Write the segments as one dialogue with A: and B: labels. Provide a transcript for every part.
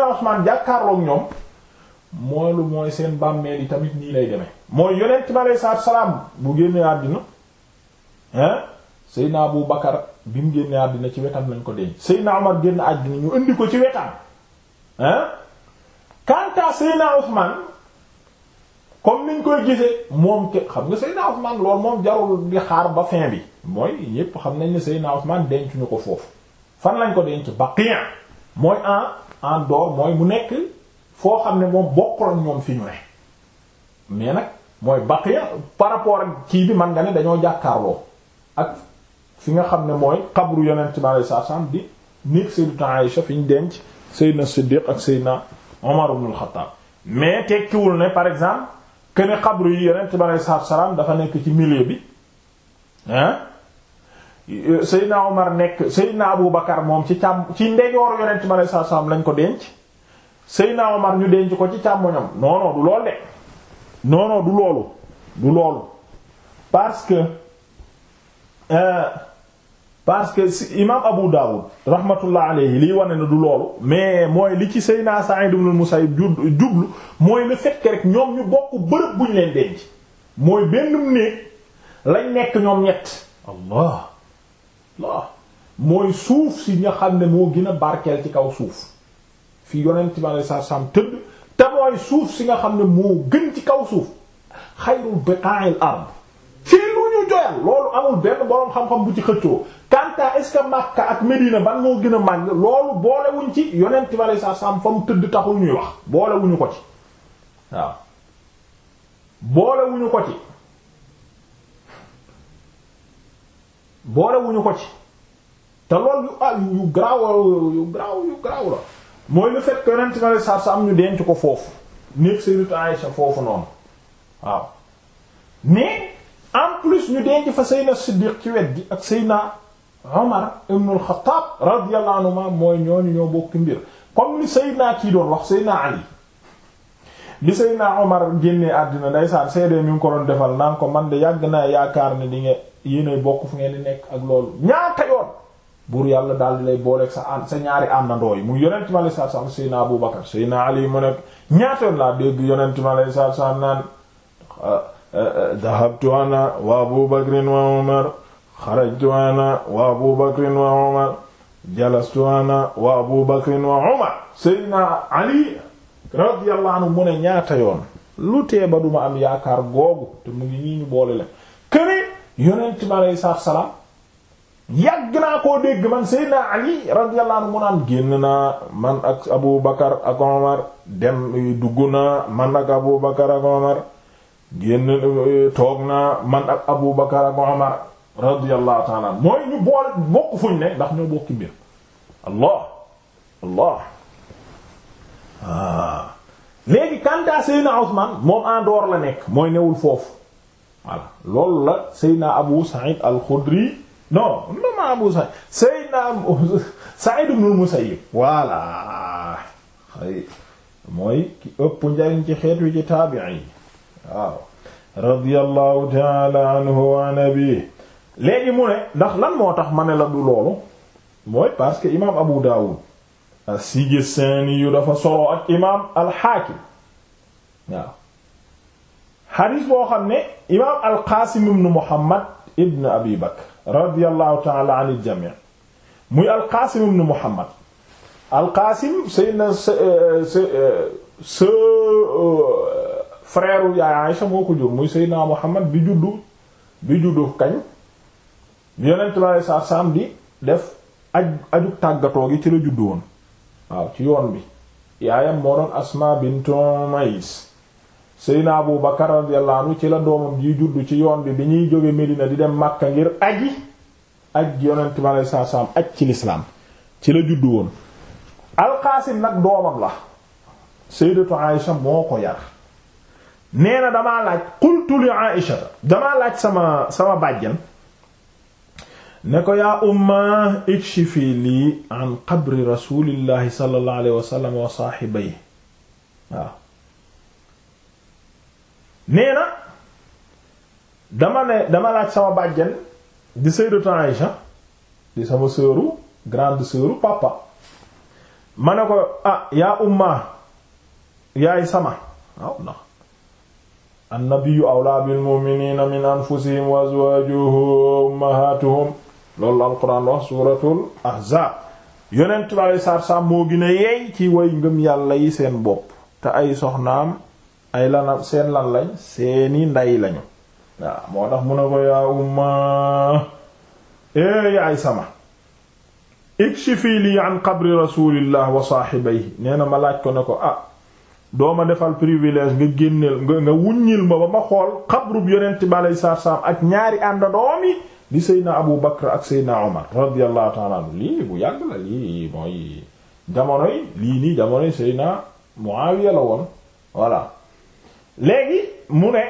A: Seydina Usmaan jàkkaarloog ñoom mooy lu mooy seen bàmmeel yi tamit nii lay demee mooy yonent bi aleyhi salaatu salaam bu génnee àddina hein Seydina Bakar bi mu génnee àddina ci wetam lañ ko denc Seydina Omar génn àddina ñu indi ko ci wetam hein kanta Seydina Usmaan comme niñ koy gisee moom ke xam nga Seydina Usmaan loolu moom jarul di xaar ba fin bi mooy ñépp xam nañ ne Seydina Usmaan denc ñu ko foofu fan lañ ko denc Baqiya mooy en en dehors mooy mu nekk foo xam ne moom bokkul ak ñoom fi ñu ne mais nag mooy baqiya par rapport ak kii bi man nga ne dañoo jàkkaarloo ak fi nga xam ne mooy xabru yonent bi alayhi salaam di néeg Sayyidatu Aïsha fi denc Sayyidina Siddiq ak Sayyidina Omar ibn al-Khattab mais tekkiwul ne par exemple que ne xabru yi yonent bi alayhi salaam dafa nekk ci milieu bi hein Seydina Omar nekk Seydina Abu Bakar moom ci càmm ci ndejoor yonent bi aleyhi salaatu salaam lañ ko denc Seydina Omar ñu denc ko ci càmmoñam non non du lool de non du loolu du loolu parce que euh, parce que si imaam Abu Dawud rahmatullah alayhi liy wane na du loolu mais mooy li ci Seydina Sa'id ibn Musayyib jublu mooy le fait rek ñoom ñu bokk bërëb bu ñu leen denc mooy benn néeg lañ nekk ñoom ñett waaw mooy suuf si nga xam ne moo gën a barkeel ci kaw suuf fi yonent bi sam tëdd te mooy suuf si nga xam ne moo gën ci kaw suuf xayrul biqa'il ard ci lu ñu joyal loolu amul benn boroom xam-xam bu ci xëccoo kanta est ce ak Medina ban moo gën a màgg loolu boolewuñ ci yonent bi alei satu salaam fa mu tëdd taxul ñuy wax boolewuñu ko ci waaw boolewuñu ko ci boolewuñu ko ci te lool yu ah yu garaaw yu garaaw yu garaaw la mooy le fait que yonent bi alei satu salaam ñu denc ko foofu néeg Sayyidatu Aïsha foofu noonu waaw mais en plus ñu denc fa Seydina Siddiq ci wet gi ak Seydina Omar ibn al-Khattab radiyallahu anhuma mooy ñooñu ñoo bokk mbir comme ni Seydina kii doon wax Seydina Ali bi Seydina Omar génnee àddina ndeysaan seede mi ko doon defal naan ko man de yàgg naa yaakaar ne di nga yéene bokk fu ngeen di nekk ak loolu ñaata yoon buur yàlla daal di lay booleeg sa an sa ñaari àndandoo yi mu yonent ma lay saab saab Seydina Abu Bakar Seydina Ali mu nekk ñaata yoon laa dégg yonent ma lay saab saab naan dahabtu ana wa Abu Bakrin wa Omar xarajtu ana wa Abu Bakrin wa wa Abu Seydina Ali radiyallahu anhu mu ne ñaata yoon lu tee duma am yaakaar googu te mu ngi ñii ñu boole la këne yonent bi aleyhi salaatu salaam yàgg naa koo dégg man Seydina Ali radiyallahu anhu mu génn naa man ak Abu ak Omar dem dugg naa man ak Abu ak Omar génn toog naa man ak Abu ak Omar radiyallahu ta'ala mooy ñu boole bokk fuñ ne ndax ñoo bokki mbir allah allah waaw ah. léegi kantaa Seydina Usmaan moom en dehors la nekk mooy newul foofu voilà loolu la Seydina Abu Sa'id al-Khudri non non ma Abu Sa'id Seydina Sa'id ibn al-Musayyib voilà mooy ki ëpp njariñ ci xeet wi ci taabi'i yi waaw radiyallahu ta'ala anhu wa nabi léegi mu ne ndax lan moo tax ma ne la du loolu mooy parce que imaam Abu Dawud as-Sijistaani yu dafa solo imaam al-Haakim waaw xadis xam ne imaam al-Qaasim ibn Muhammad ibn Abi Bakr radiyallahu ta'ala anil jamii muy al-Qaasim Muhammad al-Qaasim sayyidina euh, sa euh, euh, yaay Aïcha moo jur muy sayyidina Muhammad bi juddu kañ bi sallallahu alayhi wa sallam di def aju aju tàggatoo gi ci la juddu woon waaw ci yoon bi yaayam moo doon Asma bintu Umays Seydina Abu ci la doomam ji juddu ci yoon bi bi ñuy jóge Medina di dem màkk ngir aji aj yonent bi alayhi salaatu aj ci lislaam ci la juddu woon Alqaasim nag doomam la Sayyidatu Aïsha moo ko yar nee na damaa laaj qultu li Aïsha damaa laaj sama sama bàjjan ne ko yaa umma ikshifi lii an qabri rasulillahi sallallahu alayhi wa sallam wa saaxibayhi waaw dama ne dama laaj sama bàjjen di sayyidatu Aïsha di sama sœuru grande sœuru papa ma ne ko ah yaa sama waaw ndax annabiyu awlaa bil min anfusihim wa azwajuhu ummahatuhum loolu la alquran wax suuratul ahzaab yonent bi alei moo gën a yeey ci way ngëm yàlla yi seen bopp te ay soxnaam ay lana seen lan lañ seeni ndey lañu waaw moo tax mun a ko yaa umma ee eh, yaay sama ikshifi lii an qabri rasulillah wa saahibayhi nee na ma laaj ko ne ko ah doo ma defal privilège nga génneel nga nga wuññil ma ba ma xool xabrub yonent bi alei saatu salaam ak ñaari àndandoom yi di Seydina Abu Bakr ak Seydina Omar radiyallahu ta'ala anhu lii bu yàgg la lii mooy jamonoy lii nii jamonoy Seydina Muawiya la woon voilà léegi mu ne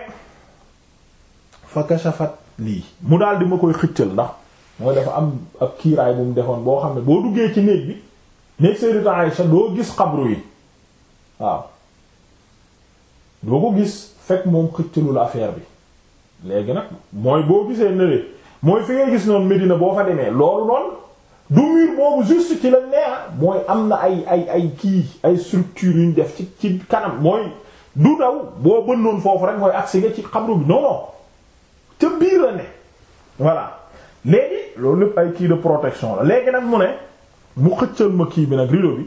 A: fa kashafat lii mu daal di ma koy xëccal ndax mooy dafa am ak kiiraay bu mu defoon boo xam ne boo duggee ci néeg bi néeg Sayyidatu Aisha doo gis xabru yi waaw doo ko gis fekk moom xëccalu la affaire bi léegi nag mooy boo gisee nële mooy fi nga gis noonu Medina boo fa demee loolu noonu du mur boobu juste ci la neex ah mooy am na ay ay ay kii ay structure yu def ci ci kanam mooy du daw boo bënnoon foofu rek mooy agsi nga ci xabru bi non non biir la ne voilà léegi loolu lépp ay kii de protection la léegi nag mu ne mu xëccal ma kii bi nag rido bi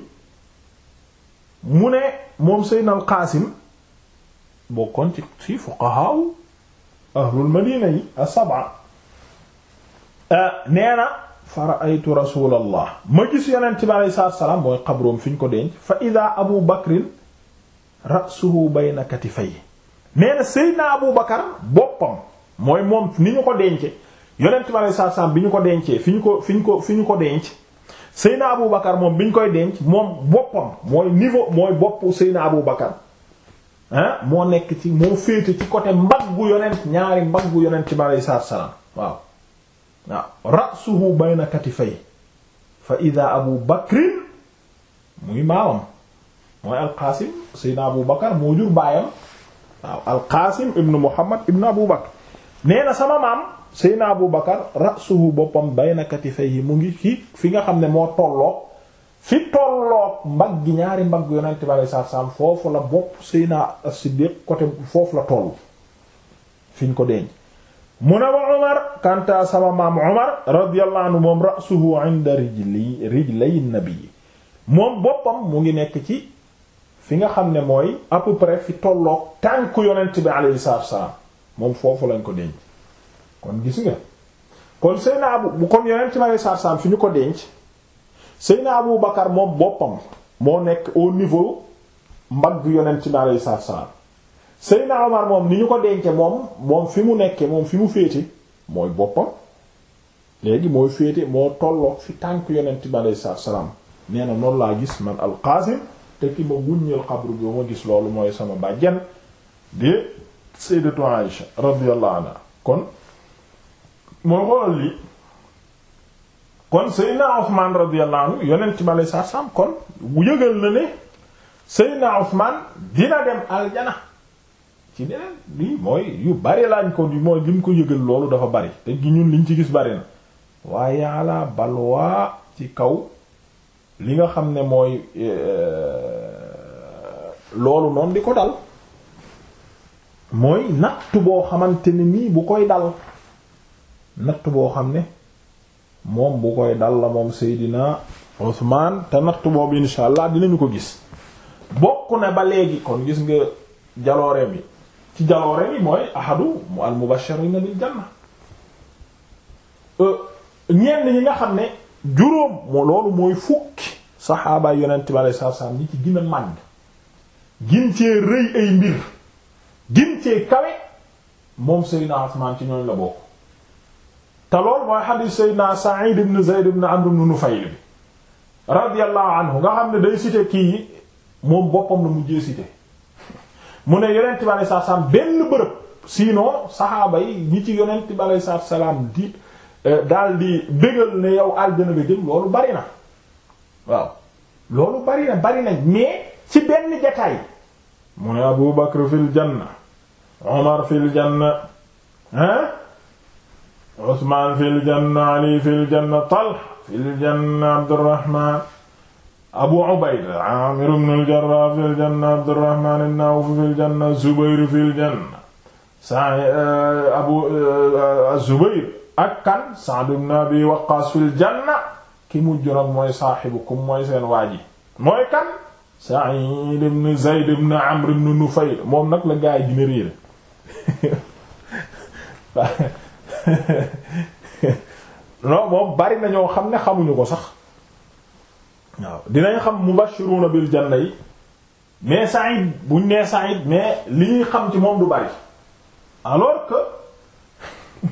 A: mu ne moom Seydina al Qaasim bokkoon ci si fuqahaa ahlul madina yi as-sab'a Euh, nee na fa raaytu rasulallah ma gis yonent bi alei salaatu salaam mooy xabroom fi ñu ko denc fa ida abu bakrin rasuhu bayna katifay nee na seydna abu bakar boppam mooy moom ni ñu ko dence yonent bi alei salaam bi ñu ko dencee fi ñu ko fi ñu ko fi ñu ko denc seydna abu bakar moom bi ñu koy denc moom boppam mooy niveau mooy bopp seydna abu bakar ah moo nekk ci moo féete ci côté mbaggu yonent ñaari mbaggu yonent bi alei salaam waaw waaw ra'suhu bayna katifay fa ida abu bakrin muy maamam mooy alqaasim seydna abu bakar moo jur baayam waaw alqaasim ibnu muhammad ibnu abu bakar nee na sama maam seydna abu bakar ra'suhu boppam bayna katifayhi mu ngi ci fi nga xam ne moo tolloog fi tolloog mbaggi ñaari mbagg yonente bi foofu la bopp seydna as-siddiq côté foofu la toll fi ko denc mu ne wa Umar kanta sama maam Umar radiyallahu moom ra'suhu 'inda rijli rijlay moom boppam mu ngi nekk ci fi nga xam ne mooy à peu fi tolloog tànk yonent bi alayhi salaatu wassalaam moom foofu lañ ko denc kon gis nga kon Seyna Abu bu kon yonent bi alayhi salaatu wassalaam fi ñu ko denc Seyna Abu Bakar moom boppam moo nekk au niveau mbagg yonent bi alayhi salaatu wassalaam Seydina Omar moom ni ñu ko denc moom moom fi mu nekke moom fi mu féete mooy boppam léegi mooy féete moo tolloog fi tànk yonent bi aleyhi salaatu salaam nee na noonu gis man alqaasim te ki ma wuññal xabru bi ma gis loolu mooy sama bàjjen de sayyidatu Aïsha radiyallahu anha kon mooy xoolal li kon Seydina Ousmane radiyallahu anhu yonent bi aleyhi salaam kon bu yëgal na ne Seydina Ousmane dina dem aljana ci neneen lii mooy yu bari lañ ko di mooy lim ko yëgal loolu dafa bari te gi ñun liñ ci gis bari na waaye ala balwaa ci kaw li nga xam ne mooy e, loolu noonu di ko dal mooy nattu boo xamante ne nii bu koy dal nattu boo xam ne moom bu koy dal la moom Seydina Usmaan te nattu boobu insha dinañu ko gis bokk na ba léegi kon gis nga jaloore bi ci jaloore bi mooy ahadu al mubashirina bil janna euh, ñenn ñi nga xam ne juróom moo loolu mooy fukki saxaabaay yonent bi alayhi salaatu salaam ñi ci gën a gin cee rëy ay mbir gin cee kawe moom Seydina Usmaan ci ñooñ la bokk te loolu mooy xadiis Seydina Sa'id ibn Zayd ibn Amr ibn Nufayl bi radiyallahu anhu nga xam ne day cité kii yi moom boppam la mujjee cité mu ne yonent bi alayhi salaam benn bërëb sinon saxaaba yi ñi ci yonent bi alayhi salaam di eh, daal di bégal ne yow aljana bi jëm loolu bari loolu bari na bari ci benn jataay mu ne Abu Bakr fil janna Umar fil janna hein Usmaan fil janna Ali fil janna Talha fil janna Abdurrahmaan abu ubayda aamir ibn al-jarrah fil janna abdurrahman ibn awf fil janna zubayr fil janna sa eh, abu eh, eh, zubayr ak kan sa'd ibn abi waqqas fil janna ki mujj nag mooy saaxibukum mooy seen waaji mooy kan sa'id ibn zayd ibn amr ibn nufayl moom nag la gaay dina réere non moom bari na ñoo xam ne xamuñu ko sax waaw dinañ xam mubashiruna bil janna yi mais Saïd buñ nee Saïd mais li ñuy xam ci moom du bari alors que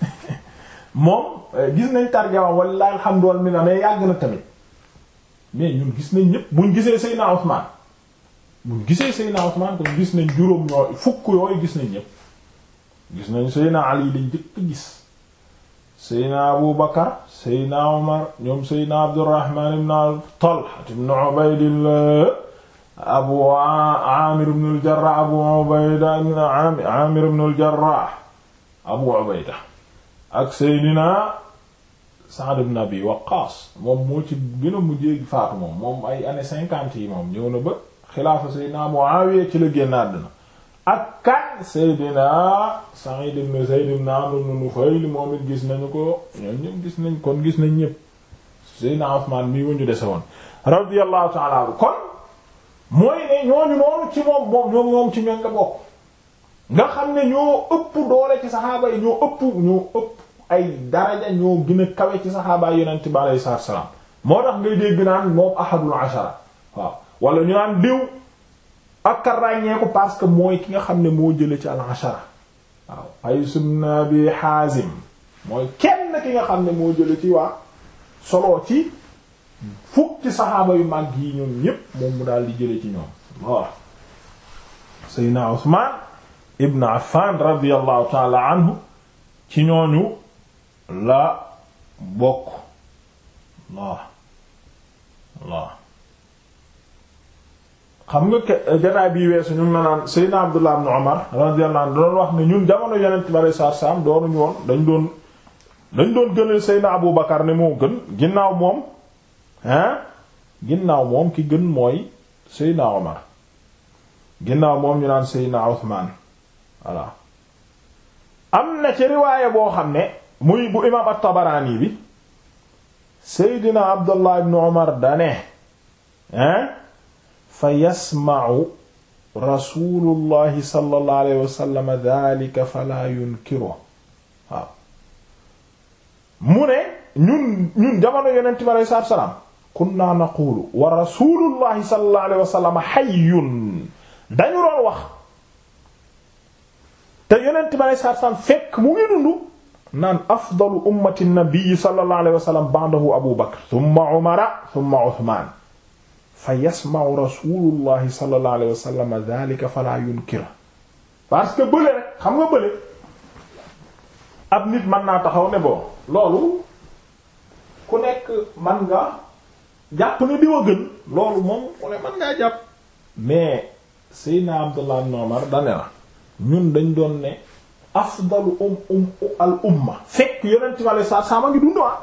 A: moom euh, gis nañ tarjawam walla alhamdulilah mi na mais yàgg na tamit mais ñun gis nañ ñëpp buñ gisee Seydina Ousmane buñ gisee Seydina Ousmane kon gis nañ juróom yooyu fukk yooyu gis nañ ñëpp gis nañ Seydina Ali lañ jëkk gis Seydina Abu seydna omar ñoom seydna abdurrahman ibn talha ibn ubaydillah abu amir ibn al-jarrah abu ubayda amir ibn al-jarrah abu ubayda ak seydna saad ibn abi waqaas moom moo ci gën a mujjee faatu moom moom ay années cinquante yi moom ñëw na ba xilaafa seydna muawiya ci la génn àddina ak kan Seydina Sa'id ibn Zayd ibn Amr ibn Nufayl moom it gis nañu ko ñoom ñëpp gis nañ kon gis nañ ñëpp Seydina Usmaan mii wuñu dese woon radiyallahu ta'ala anhu kon mooy ne ñooñu noonu ci moom moom ñoom ñoom ci ñoom nga xam ne ñoo ëpp doole ci saxaaba yi ñoo ëpp ñoo ëpp ay daraja ñoo gën a kawe ci saxaaba yi yonent bi moo tax ngay dégg naan moom ahadul ashara waaw ñu naan diw ak ràññeeku parce que mooy ki nga xam ne moo jële ci al-ashara waaw Qays ibn Abi Hazim mooy kenn ki nga xam ne moo jële ci waa soloo ci fukki saxaaba yu mag yi ñoom ñépp moom mu daal di jële ci ñoom waaw Seydina Usman ibn Affan radiyallahu taala anhu ci ñooñu la bokk waaw xam nga eh, jataay bii weesu ñu ngi naan Seydina Abdullah ibn Umar radiyallahu anhu doon wax ne ñun jamono yonent bi alayhi salaatu salaam doonuñu woon dañ doon dañ doon gënal Seydina Abu Bakar moo gën ginnaaw moom hein ginnaaw moom ki gën mooy Seydina Umar ginnaaw moom ñu naan Seydina Usmaan am na ci riwaaye boo xam ne muy bu imaam at-Tabaraani bi Seydina Abdullah ibn Umar dane hein fa yasma'u rasulullahi sallallahu alayhi wa sallam dhalika fala yunkiru waaw mu ne ñun ñun jamono yonent bi alayhi salaatu wa salaam kunna naqulu wa rasulullahi sallallahu alayhi wa sallam hayyun dañu doon wax te yonent bi alayhi salaatu wa salaam fekk mu ngi dundu naan afdalu ummati nabi sallallahu alayhi wa sallam ba'dahu Abu Bakr thumma Umara thumma Uthman fa yasma'u rasulullahi sallallahu alayhi wa sallam dhalika que bële xam nga bële ab naa taxaw ne bon loolu ku nekk man nga jàpp ne di wa gën loolu moom ñun dañ doon ne afdalu um um al umma fekk yonent mi alei sat salaama ngi dund ah.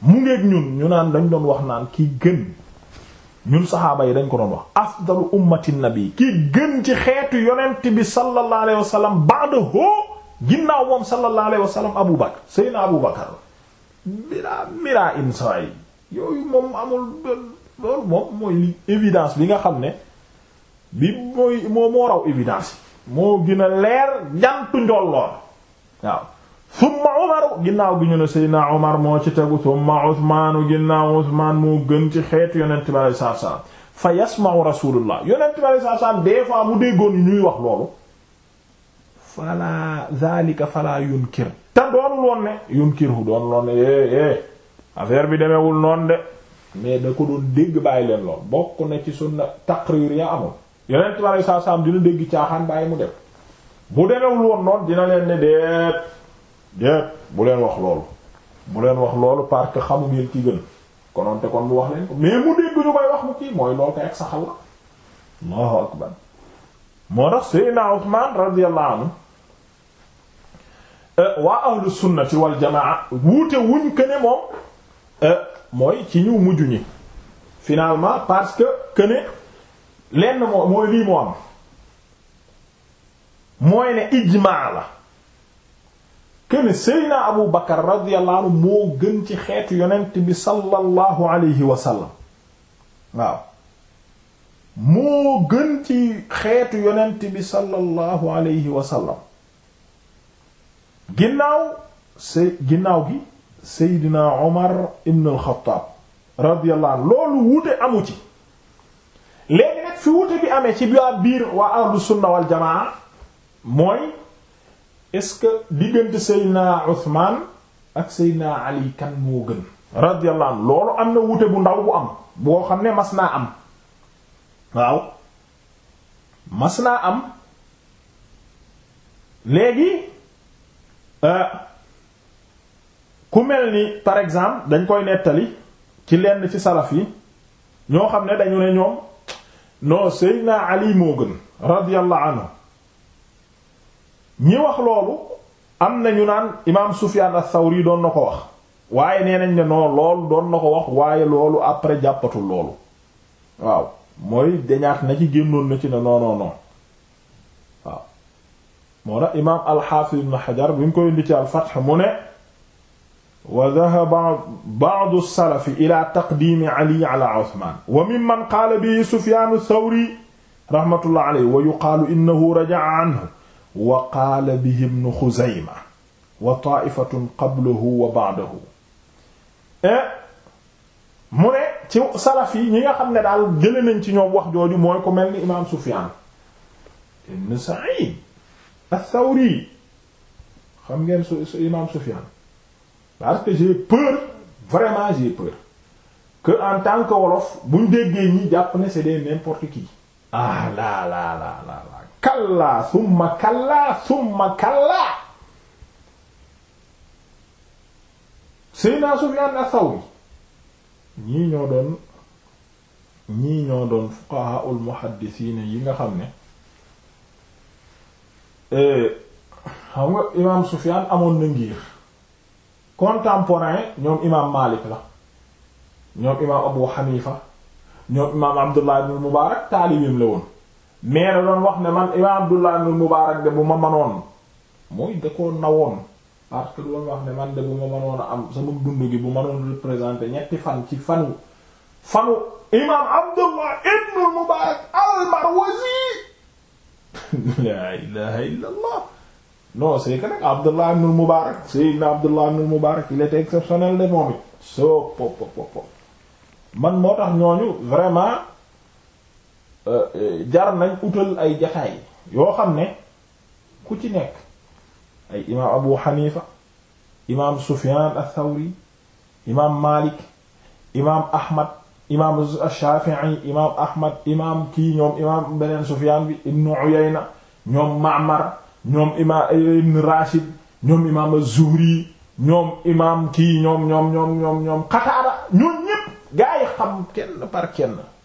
A: mu ngeeg ñun ñu naan dañ doon wax naan ki gën ñun saxaaba yi dañ ko doon wax afdalu ummati nabi ki gën ci xeetu yonent bi sallallahu alayhi wa sallam ba'dahu ginnaaw moom sallallahu alayhi wa sallam abu bakar seyna abu bakar mira mira insa yi moom amul loolu moom mooy évidence bi nga xam ne bi mooy moo moo raw évidence moo gën a leer jantu njool waaw summa umaru ginnaaw gi ñu ne seydna umar moo ci tegu summa usmaanu ginnaaw usmaan moo gën ci xeet yonent bi alei satu salaam fa yasmau rasulullah yonent bi alei salaam des fois mu déggoon yi ñuy wax loolu fala zalika fala yunkir te doonul woon ne yunkirhu doonul woon ne é eh, é eh, affaire bi demewul noonu de mais da ko doon dégg bàyyi leen lool bokk na ci sunna taqrir ya amul yonent bi alei salaam dina dégg caaxaan bàyyi mu def bu demeewul woon noonu déet bu leen wax loolu bu leen wax loolu parce que xamu ngeen ci gën konoon te kon mu wax leen ko mais mu dégg ñu koy wax mu kii mooy loolu kay ak saxal la allahu akbar moo tax Seydina Usmaan radiyallahu anhu euh, waa ahlu sunnati wal jamaa wuute wuñ que moom euh, mooy ci ñu mujj ñi parce que que lenn moo mooy lii moo am mooy ne ijmaa la këne Seydina Abu Bakar radiyallahu anhu moo gën ci xeetu moo gën ci xeetu yonent bi sallallahu alayhi wa ginnaaw gi Seydina Omar ibn al-Khattab radiyallahu anhu loolu wuute amu ci léegi nag fi wuute bi amee ci biir waa ahlu sunna wal jamaa mooy. est-ce que diggante Seydina Usmaan ak Seydina Ali kan moo gën radiyallahu anhu loolu am na wute bu ndaw bu am boo xam ne mas naa am waaw mas naa am léegi euh, ku mel ni par exemple dañ koy nettali ci lenn ci salaf yi ñoo xam ne dañu ne ñoom non Seydina Ali moo gën radiyallahu anhu ñi wax loolu am na ñu naan imaam Sufyaan as-Sawri doon na ko wax waaye ne nañ ne non loolu doon na ko wax waaye loolu après jàppatul loolu waaw mooy dañaat na ci génnoon na ci ne non non non waaw moo tax imaam al-Hafiz ibn Hajar bu ñu koy indi ci al-Fath mu ne wa dhahaba ba'du as-salaf ila taqdimi Ali ala Uthman wa mimman qaala bihi Sufyaan ath-Thawri rahmatullah alayhi wa yuqaalu innahu raja'a anhu wa qaala bihi ibnu xuzayma wa taaifatun qablahu wa ba'dahu eh, mu ne ci salaf yi ñi nga xam ne daal jële nañ ci ñoom wax jooju mooy ko mel ni imaam Sufyaan ibn Sa'id ath-Thawri xam ngeen su imaam Sufyaan parce que j'ai peur vraiment j'ai peur que en tant que wolof buñ déggee ñi jàpp ne c'est des n'importe qui ah la la la kallaa summa kallaa summa kallaa Seydina Sufyaan as-Sawri ñii ñoo doon ñii ñoo doon fuqahaa'ul muhaddisiin yi nga xam ne eh, xam nga imaam Sufyaan amoon na ngiir contemporain ñoom imaam Maalik la ñoom imaam Abu Hanifa ñoom imaam Abdullah ibn Mubaarak taalibeem la woon mais da doon wax ne man imaam Abdullah ibn Mubarak de bu ma manoon mooy da koo nawoon parce que doon wax ne man de bu ma manoon a am sama dund gi bu ma doon représenter ñetti fan ci fanu fanu imaam Abdullah ibn Mubarak al-Marwazi la ilaha illa Allah non c'est que nag Abdullah ibn Mubarak sayyidna Abdullah ibn Mubarak il était exceptionnel de moom it so pop pop pop man moo tax ñooñu vraiment Euh, jar nañ utal ay jataay yoo xam ne ku ci nekk ay imaam Abu Hanifa imaam Sufyan ath-Thawri imaam Malik imaam Ahmad imaam ash-Shafi'i imaam imaam kii ñoom bi Ibn Uyayna ñoom Ma'mar ñoom imaam Ibn Rashid ñoom imaam az-Zuhri ñoom imaam kii ñoom ñoom ñoom ñoom ñoom Qatada ñoom ñépp gaa yi xam kenn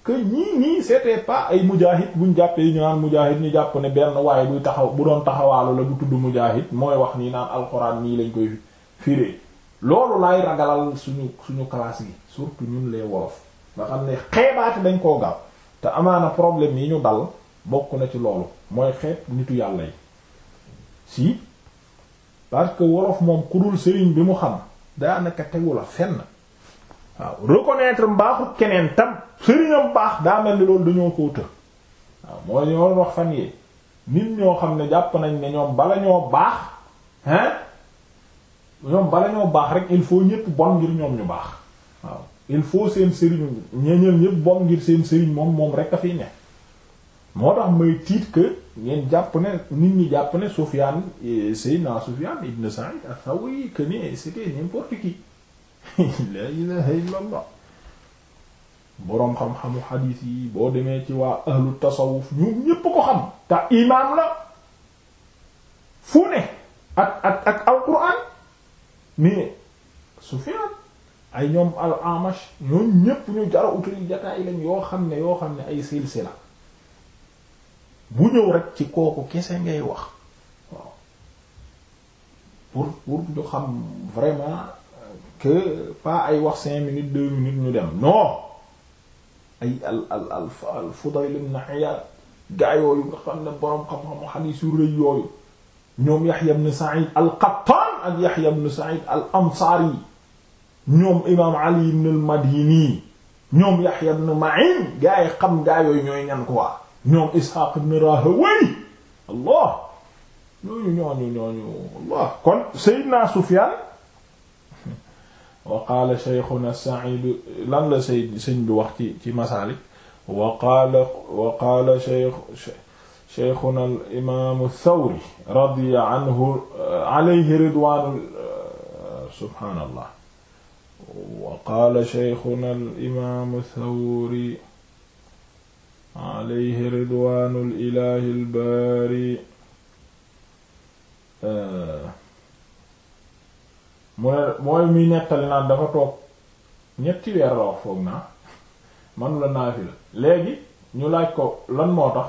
A: que ñii nii c'était pas ay mujahid buñ jàppee ñu naan mujahid ñu jàpp ne benn waaye buy taxaw bu doon taxawaalu la bu tudd mujahid mooy wax nii naan alxuraan nii lañ koy firee loolu laay ragalal suñu suñu classe gi surtout ñun les wolof nga xam ne xeebaate dañ koo gaaw te amaana problème yi ñu dal bokk na ci loolu mooy xeeb nitu yàlla yi si parce que wolof moom ku sëriñ bi mu xam daanaka tegu la fenn waaw reconnaître mbaaxut keneen tam sëriñam baax daa mel ni loolu dañoo ko tër waaw mooy ñoo wax fan yee nit ñoo xam ne jàpp nañ ne ñoom bala ñoo baax hein ñoom bala ñoo baax rek il faut ñépp bon ngir ñoom ñu baax waaw il faut seen sëriñ ñeeñal ñépp bon ngir seen sëriñ moom moom rek a fi ne moo tax may tiit que ngeen jàpp ne nit ñi jàpp ne Sufyaan eh, Seydina Sufyaan ibn Sa'id as-Sawri que ni c'était n'importe qui la ilaha illallah boroom xam-xamu xadiis boo demee ci waa ahlu tasawuf ñu ñépp ko xam te imaam la fu ne ak ak ak alquran mais Sufyaan ay ñoom al amash ñoom ñépp ñu jara utali jataay lañ yoo xam ne yoo xam ne ay silsila bu ñëw rek ci kooku kese ngay wax pour pour ñu xam vraiment que pas ay wax cinq minutes deux minutes ñu dem non ay al al al al Fudayl ibn Iyad gaa yooyu nga xam ne boroom xam-xamu xadiis yu rëy yooyu ñoom Yahya ibn Sa'id al-Qattan ak Yahya ibn Sa'id al-Ansari ñoom imaam Ali ibn al-Madini ñoom Yahya ibn Ma'in gaa yi xam gaa yooyu ñooy ñan quoi ñoom Ishaq ibn Rahawayh Allah ñooñu ñooñu ñooñu Allah kon Seydina Sufyan wa qaala cheikhuna Saïd lan la say sëñ bi wax ci ci masaalik wa qaala wa qaala cheikh cheikhuna al imaamu Thawri radiya anhu alayhi ridwaanu subhaanallah wa qaala cheikhuna al imaamu Thawri alayhi ridwaanu al ilaahi al baari mu ne mooy muy nettali naan dafa toog ñetti weer la wax foog naa man la naa fi léegi ñu laaj ko lan moo tax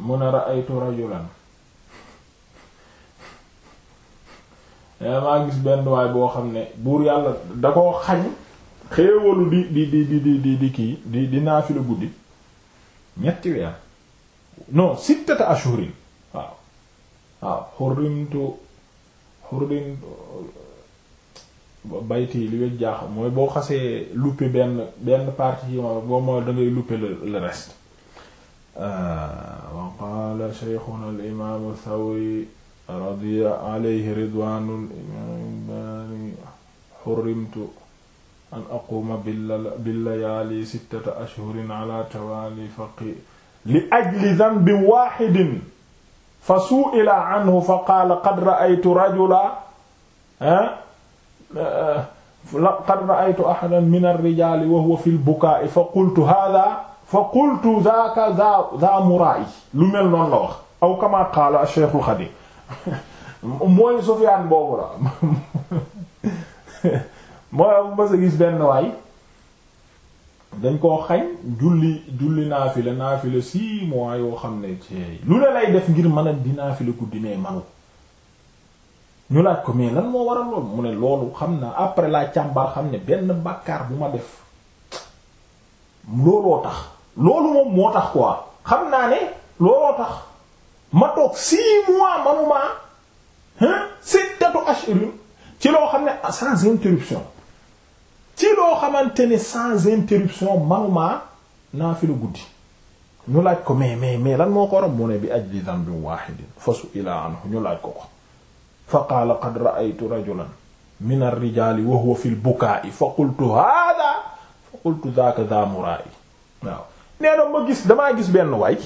A: mu ne ra'aytu rajulan eh, maa gis benn waay boo xam ne buur yàlla da koo xañ xéewalu di di di di di di kii di di naafila guddi ñetti weer non sittata ashhurin waaw waaw xurrimtu xurdin euh, bayti li wéeg jaax mooy boo xasee louper benn benn partie yi ma boo mooy da ngay louper le reste euh, wa qaala shaykhuna al imaamu Thawri radiya alayhi ridwaanul imaam xurrimtu an aquma bil layaali sittata ashhurin ala tawaali faqi li ajli dhanbin waahidin fa su'ila anhu fa qaala qad ra'aytu rajula qad ra'aytu ahadan min ar-rijaali wa huwa fil bukaa'i fa qultu haadha fa qultu dhaaka dhaa muraa'i lu mel noonu la wax aw kamaa qaala Cheikhul Xadim mooy Sufyaan boobu la mooy ma sa gis benn waay dañ koo xañ julli julli naafila naafila six mois yoo xam ne ci lu ne lay def ngir mën a di naafila guddi mais manu ñu laaj ko mais lan moo waral loolu mu ne loolu xam na après la càmbar xam ne benn bàkkaar bu ma def looloo tax loolu moom moo tax quoi xam naa ne looloo tax ma toog six mois manuma hein sittatu ashhur ci loo xam ne sans interruption ci loo xamante ne sans interruption manuma naa guddi ñu laaj ko mais mais mais lan moo ko waral bi ajli dhanbin wahidin fa su'ila anhu ñu laaj ko ko fa qaala qad ra'aytu rajulan min ar-rijali wa ma gis damaa gis benn waay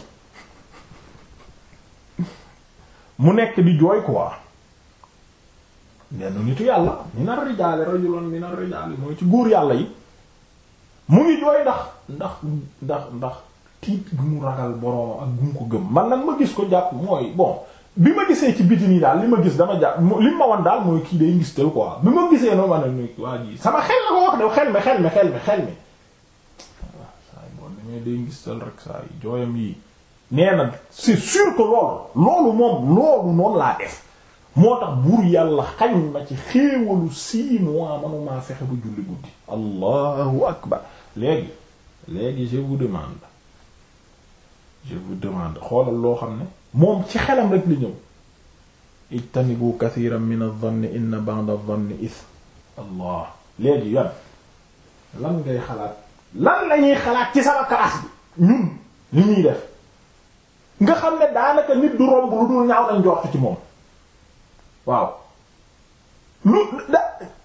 A: mu nekk bi jooy quoi benn nitu yàlla minar rijaali rajulun minar rijaali mooy ci góor yàlla yi mu ngi jooy ndax ndax ndax ndax tiit gu mu ragal boroomam ak gu ko gëm man nag ma gis ko jàpp mooy bon bi ma gisee ci biti nii daal li ma gis dama jàpp li ma wan daal mooy kii day ngis tel quoi bi ma gisee noonu ma ne ni waa ji sama xel la ko wax de xel mi xel mi xel mi xel mi waaw saa yi bon damay day ngis rek saa yi jooyam yi nee na c'est sûr que loolu loolu moo tax buur yàlla xañ ma ci xéewalu six mois manumaa fexe ba julli guddi allahu akbar léegi léegi je vous demande je demande xoolal loo xam ne moom ci xelam rek lu ñëw ijtanibu kathiran min adh-dhanni inna ba'da adh-dhanni ithm allah léegi yan lan ngay xalaat lan lañuy xalaat ci sama classe bi ñun li ñuy def nga xam ne daanaka nit du romb lu dul ñaaw nañ jox ci moom waaw lu da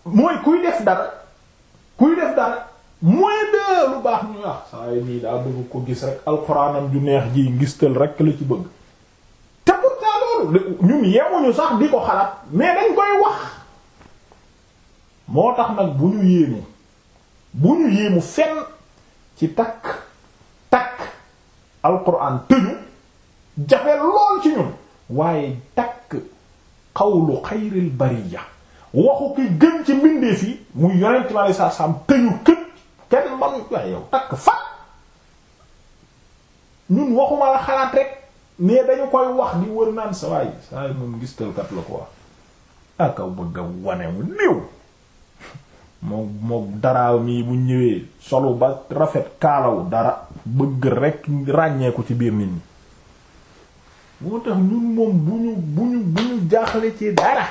A: mooy kuy def dara kuy def dara mooy de lu baax ñu wax saa yi nii daa bëgg ko gis rek alxuraanam ju neex ji ngistal rekk la ci bëgg te pourtant loolu ñun yemuñu sax di ko xalaat mais dañ koy wax moo tax nag bu ñu yéemu bu ñu yéemu fenn ci takk takk alxuraan tëju jafe lool ci ñun waaye takk qawlu xayril bariya waxu ki gën ci mbindeef yi mu yonent a alayhi salaam te ñu kët kenn manu waaye yow takk fa ñun waxuma la xalaat rek mais dañu koy wax di wër naan sa waay moom gis tëlkat la quoi akaw bëgg a wanewu néew moom moom dara mii bu ñëwee solo ba rafet kaalaw dara bëgg rek ràññeeku ci biir nit ñi moo tax ñun moom bu ñu bu ñu bu ci dara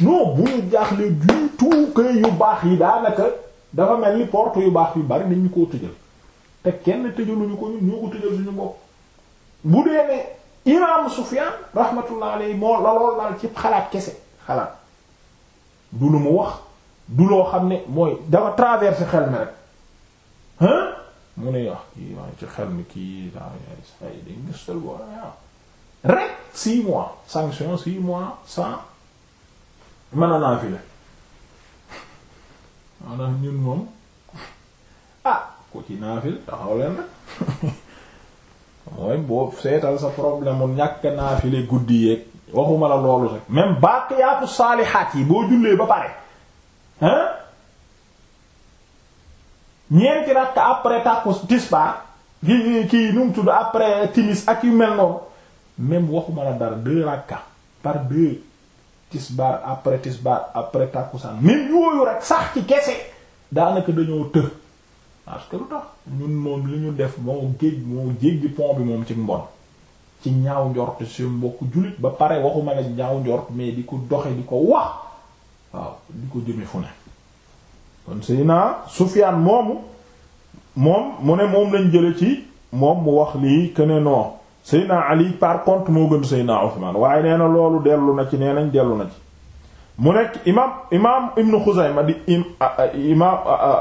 A: non bu ñu jaaxle du tout yu baax yi daanaka dafa mel ni porte yu baax yu bari dañ ñu koo tëjal te kenn tëjaluñu ko ñun ñoo ko tëjal suñu bopp bu dee ne imaam Sufyaan rahmatullah alayhi moo la lool ci xalaat kese xalaat du lu mu wax du loo xam ne mooy dafa traversé xel mi rek hein mu ne ah kii waaye ci xel mi kii daa ay day gis tel boo rek six mois sanction six mois sans mën a naa fi le maanaam ñun moom ah ku ci naafil taxaw leen rek mooy boo seetal sa problème mu ñàkk naafile guddi yeeg waxuma la loolu rek même baaqiyaatu saalihaat yi boo jullee ba pare hein ñeenti rakk après tàkkus tisbaar gi kii nu mu tudd après timis ak yu mel noonu même waxuma la dara deux rakka par deux tisbaar après tisbaar après tàkkusaan même yooyu rek sax ci kese daanaka dañoo të parce que lu tax ñun moom li ñu def moo géej moo jéggi pont bi moom ci mbon ci ñaaw njort su mbokk jullit ba pare waxuma la ñaaw njort mais di ko doxe di ko wax waaw di ko jëme fu ne kon Seydina Sufyaan moomu moom mu ne moom lañ jële ci moom mu wax lii que ne non Seydina Ali par contre moo gën Seydina Usmaan waaye nee na loolu dellu na ci nee nañ dellu na ci mu nekk imaam Ibnu Xuzayma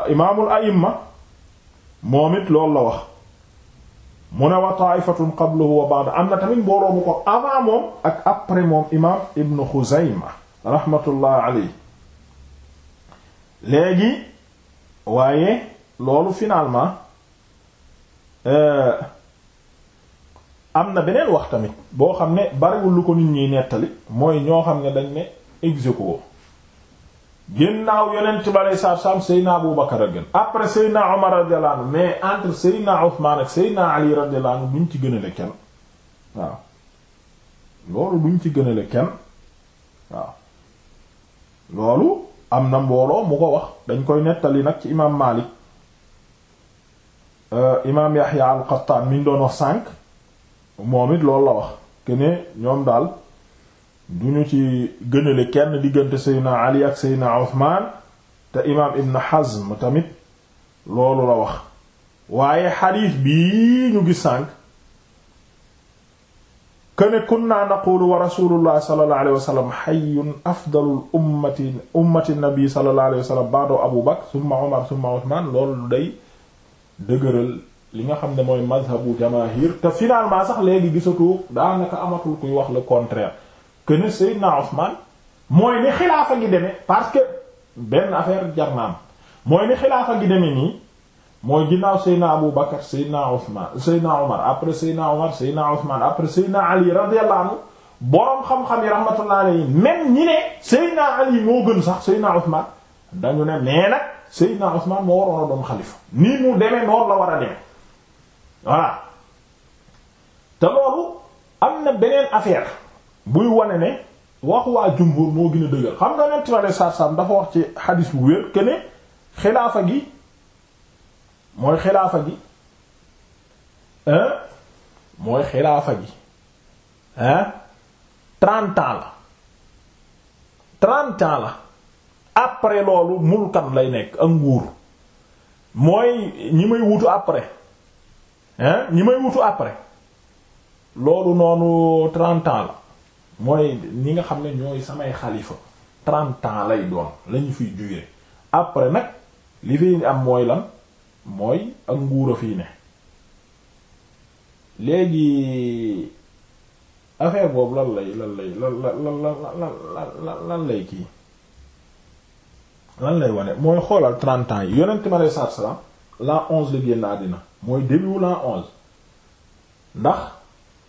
A: imaamul a'imma moom it la wax mu ne wa ta'ifatun qablahu wa ba'da na tamit mbooloo ko avant moom ak après moom imaam Ibnu Xuzayma rahmatullah alayhi léegi waaye loolu finalement euh, am na beneen wax tamit boo xam ne bariwul lu ko nit ñuy nettali mooy ñoo xam ne dañ ne ex aequo ginnaaw yonent bi aleyhi salaatu salaam Seydina Abu Bakar a gën après Seydina Omar radiyallahu anhu mais entre Seydina Ousmane ak Seydina Ali radiyallahu anhu ñu ci gënale kenn waaw loolu duñ ci gënale kenn waaw loolu am na mbooloo mu ko wax dañ koy nettali nag ci imaam Maalik euh, imaam Yaxya al-Qattaan mi ñu doon wax sànq moom it loolu la wax que ñoom daal du ñu ci gënale kenn diggante Seydina Ali ak Seydina Usmaan te imaam Ibn Hazm tamit loolu la wax waaye xadiis bii ñu gis sànq. këne kunna naqulu wa rasulullah sallallahu alayhi wa sallam hayyun afdalul ummati ummati nabi sallallahu alayhi wa sallam baadoo abu bakr summa omar summa usman loolu day dëgëral li nga xam ne mooy mazhabu jamaahir te finalement sax léegi gisatoo daanaka amatul kuy wax le contraire këne seydna usman mooy ni xilaafa ngi deme parce que benn affaire jar na am mooy ni xilaafa ngi deme nii mooy ginnaaw Seydina Abu Bakar Seydina Ousmane Seydina Omar après Seydina Omar après Seydina Ali radiyallahu anhu xam-xam yi rahmatullahi alayhi même ñi ne Seydina Ali moo gën sax Seydina Ousmane dañu ne mais nag Seydina Ousmane moo waroon a doon xalifa nii mu demee noonu la war a demee voilà te loolu am na beneen affaire buy wane ne wax waa jumhur moo gën a dëgër xam nga Yonent bi sallallahu alayhi wasallam dafa wax ci xadiis bu wér que xilaafa gi. mooy xilaafa gi hein mooy xilaafa gi hein trente ans la trente ans la après loolu mulkan lay nekk ak nguur mooy ñi may wutu après hein ñi loolu noonu trente ans la mooy ñi nga xam ne ñooy samay xalifa trente ans lay doon lañu fiy jugee après nag li fi am mooy lan mooy ak nguur a fii ne léegi affaire boobu lan lay lan lay lan lan lan lan lan lay kii lan lay wane mooy xoolal trente ans yi yonent ma lay sarsalaam l'an onze la génn àddina mooy début l'an onze ndax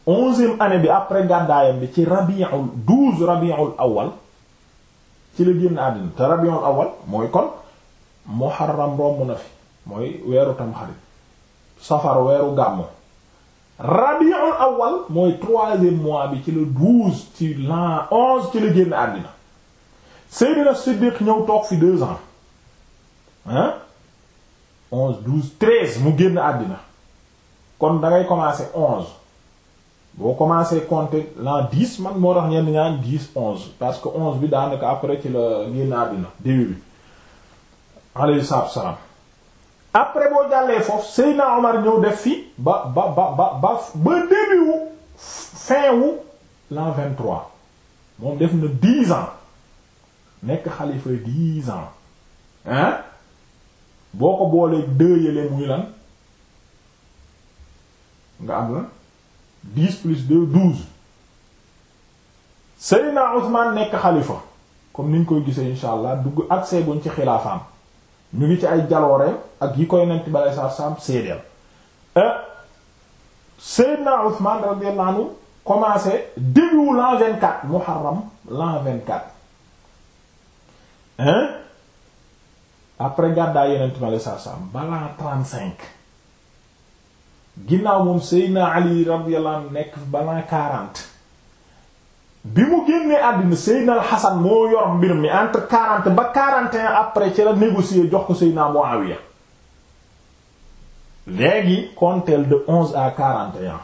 A: onzième année bi après gàddaayam bi ci rabiul douze rabiul awal ci la génn àddina te rabiul awal mooy kon muharram romb na fi mooy weeru tamxarit safar weeru gàmmo rabiul awal mooy troisième mois bi ci le douze ci l'an onze ci la génn àddina si Siddiq ñëw toog fi deux ans hein onze douze treize mu génn àddina kon dangay ngay commencer onze boo commencer compter l'an dix man moo tax ñenn ñaan dix onze parce que onze bi daanaka après ci la génn àddina début bi alayhi salaam après boo jàllee foofu Seydina Omar ñëw def fi ba ba ba ba ba ba début wu fin wu l'an 23 moom def na 10 ans nekk xalifa 10 ans hein boo ko boolee deux yële muy lan nga am lan 10 plus 2 12 Seydina Ousmane nekk xalifa comme ñu koy gisee insha allah dugg accès buñ ci xilaafaam ñu ngi ci ay jalooreem ak yi koy nent balay saar saam seedeel euh, Seydina Ousmane radiyallahu anhu commencé début l'an vingt-quatre Muharram l'an vingt-quatre hein après gàddaay yonent mi alei satu balaa trente-cinq ginnaaw moom Seydina Ali radiyallahu anhu nekk balaa quarante bi mu génnee àddina Seydina Hassan moo yor mbir mi entre quarante ba quarante après ci la négocier jox ko Seydina Muawiya léegi compteel de onze à quarante et un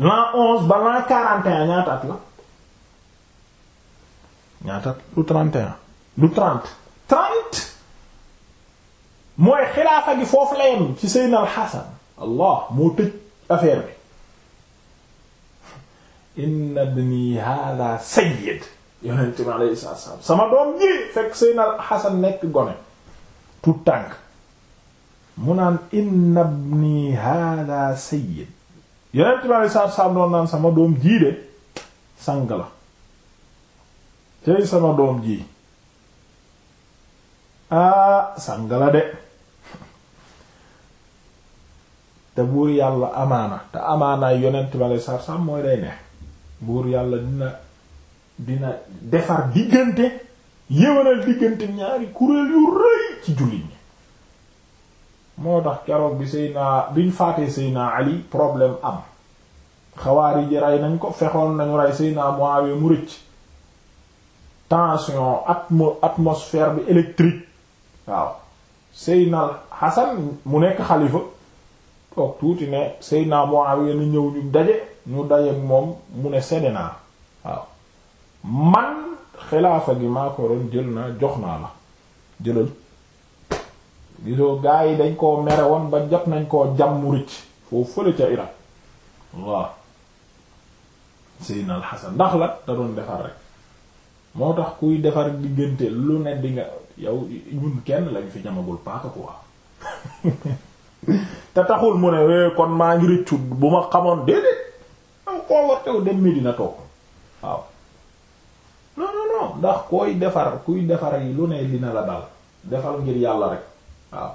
A: l'an onze ba l'an quarante et un la ñaata at trente et un trente trente mooy xilaafa gi foofu la yem ci Seydina Hassan Allah moo tëj affaire bi inna ibni hada sayyid yonent bi alayhi sama doom ji fekk Seydina Hasan nekk gone tout mu naan inna ibni hada sayyid yonent bi alayhi salaam naan sama doom jii de sang la sama doom ji aa ah, sang de te bu yàlla amaana te amaanaay yonent bi alayhi mooy day neex buur yàlla dina dina defar diggante yéwénal diggante ñaari kuréel yu rëy ci jullit ñi moo tax keroog bi naa biñ faatee Seyna Ali problème am xawaari ji rey nañ ko fexoon nañu rey Seyna naa mu rëcc tension atmo atmosphère bi électrique waaw Seyna Hassan mu nekk xalifa toog tuuti ne Seydina Muawiya na ñëw ñu daje ñu daje moom mu ne sede naa waaw man xilaafa gi maa ko jël naa jox naa la jëlal gisoo gaa yi dañ koo mere woon ba jot nañ koo jàmmu rëcc foofu fële ca Irak waaw Seydina Al-Hasan ndax la da doon defar rek moo tax kuy defar diggante lu ne di nga yow ñun kenn lañ fi jamagul paaka quoi te taxul mu ne eh, kon maa ngi rëccu bu ma xamoon déedéet am koo war tew dem Medina toog waaw non non non ndax koy defar kuy defar yi lu ne dina la dal defal ngir yàlla rek waaw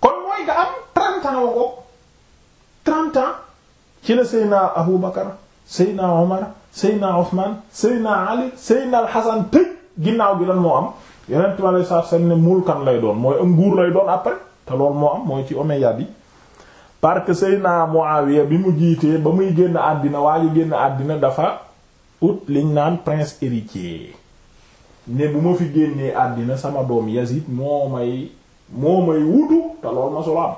A: kon mooy nga am trente ans ko trente ans ci la Seyna Abu Bakar Seyna Omar Seyna Othman Seyna Ali Seyna Al-Hasan tëj ginnaaw gi lan moo am yeneen time a lay saab seen ne mulkan lay doon mooy am nguur lay doon après te loolu moo am mooy ci Omeyyades yi parce que Seydina Muawiya bi mu jiitee ba muy génn àddina waaye génn àddina dafa ut liñ naan prince héritier ne bu ma fi génnee àddina sama doom Yazid moo may moo may wutu te loolu ma solo am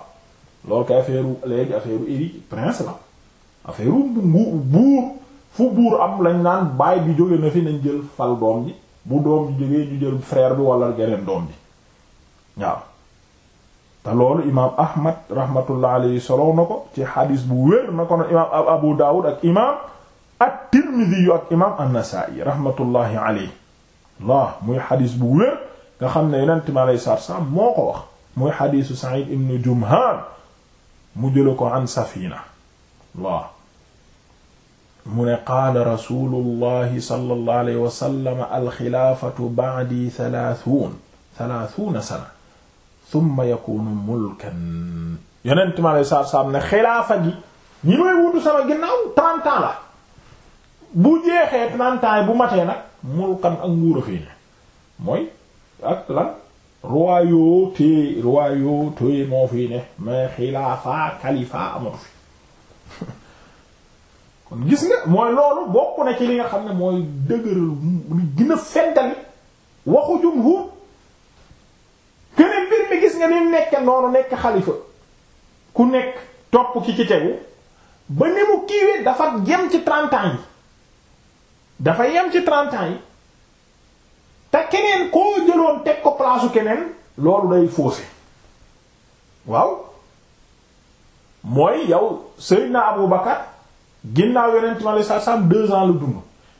A: loolu kay affaire léegi affaire héritier prince la affaire bu buur fu buur am lañ naan baay bi jóge na fi nañ jël fal doom bi bu doom jógee ñu jël frère bi wala geneen doom bi waaw te loolu imaam Ahmad rahmatullah alayhi solow na ko ci xadis bu wér na ko noonu imaam Abu Dawud ak imaam at-Tirmidhi ak imaam an-Nasa'i rahmatullahi alayhi Allah muy xadis bu wér nga xam ne Yonent mi alayhi salaatu salaam moo ko wax muy xadisu Sa'id ibn Jumhan mu jële ko an Safina Allah mu ne qaala rasulullahi sallallahu alayhi wa sallam al-xilaafatu ba'di thalaathuuna thalaathuuna sana thumma yakunu mulkan yonent mi aleyhi salaatu salaam ne xilaafa gi ñi may wutu sama ginnaaw 30 la bu jeexee 30 yi bu matee nag mulkan ak nguur a fii ne mooy ak lan royauté royauté moo fii ne mais xilaafa kalifa amatu fi kon gis nga mooy loolu bokk na ci li nga xam ne mooy dëgëral li gën a feddali waxu keneen mbir mi gis nga ni nekk noonu nekk xalifa ku nekk topp ki ci tegu ba ni mu kiiwee dafa yem ci trente yi dafa yem ci trente yi te keneen koo jëloon teg ko palaasu keneen loolu day faussé waaw mooy yow Seydina Abou Bakar ginnaaw yeneen ci ma lay sàmm deux ans la dund.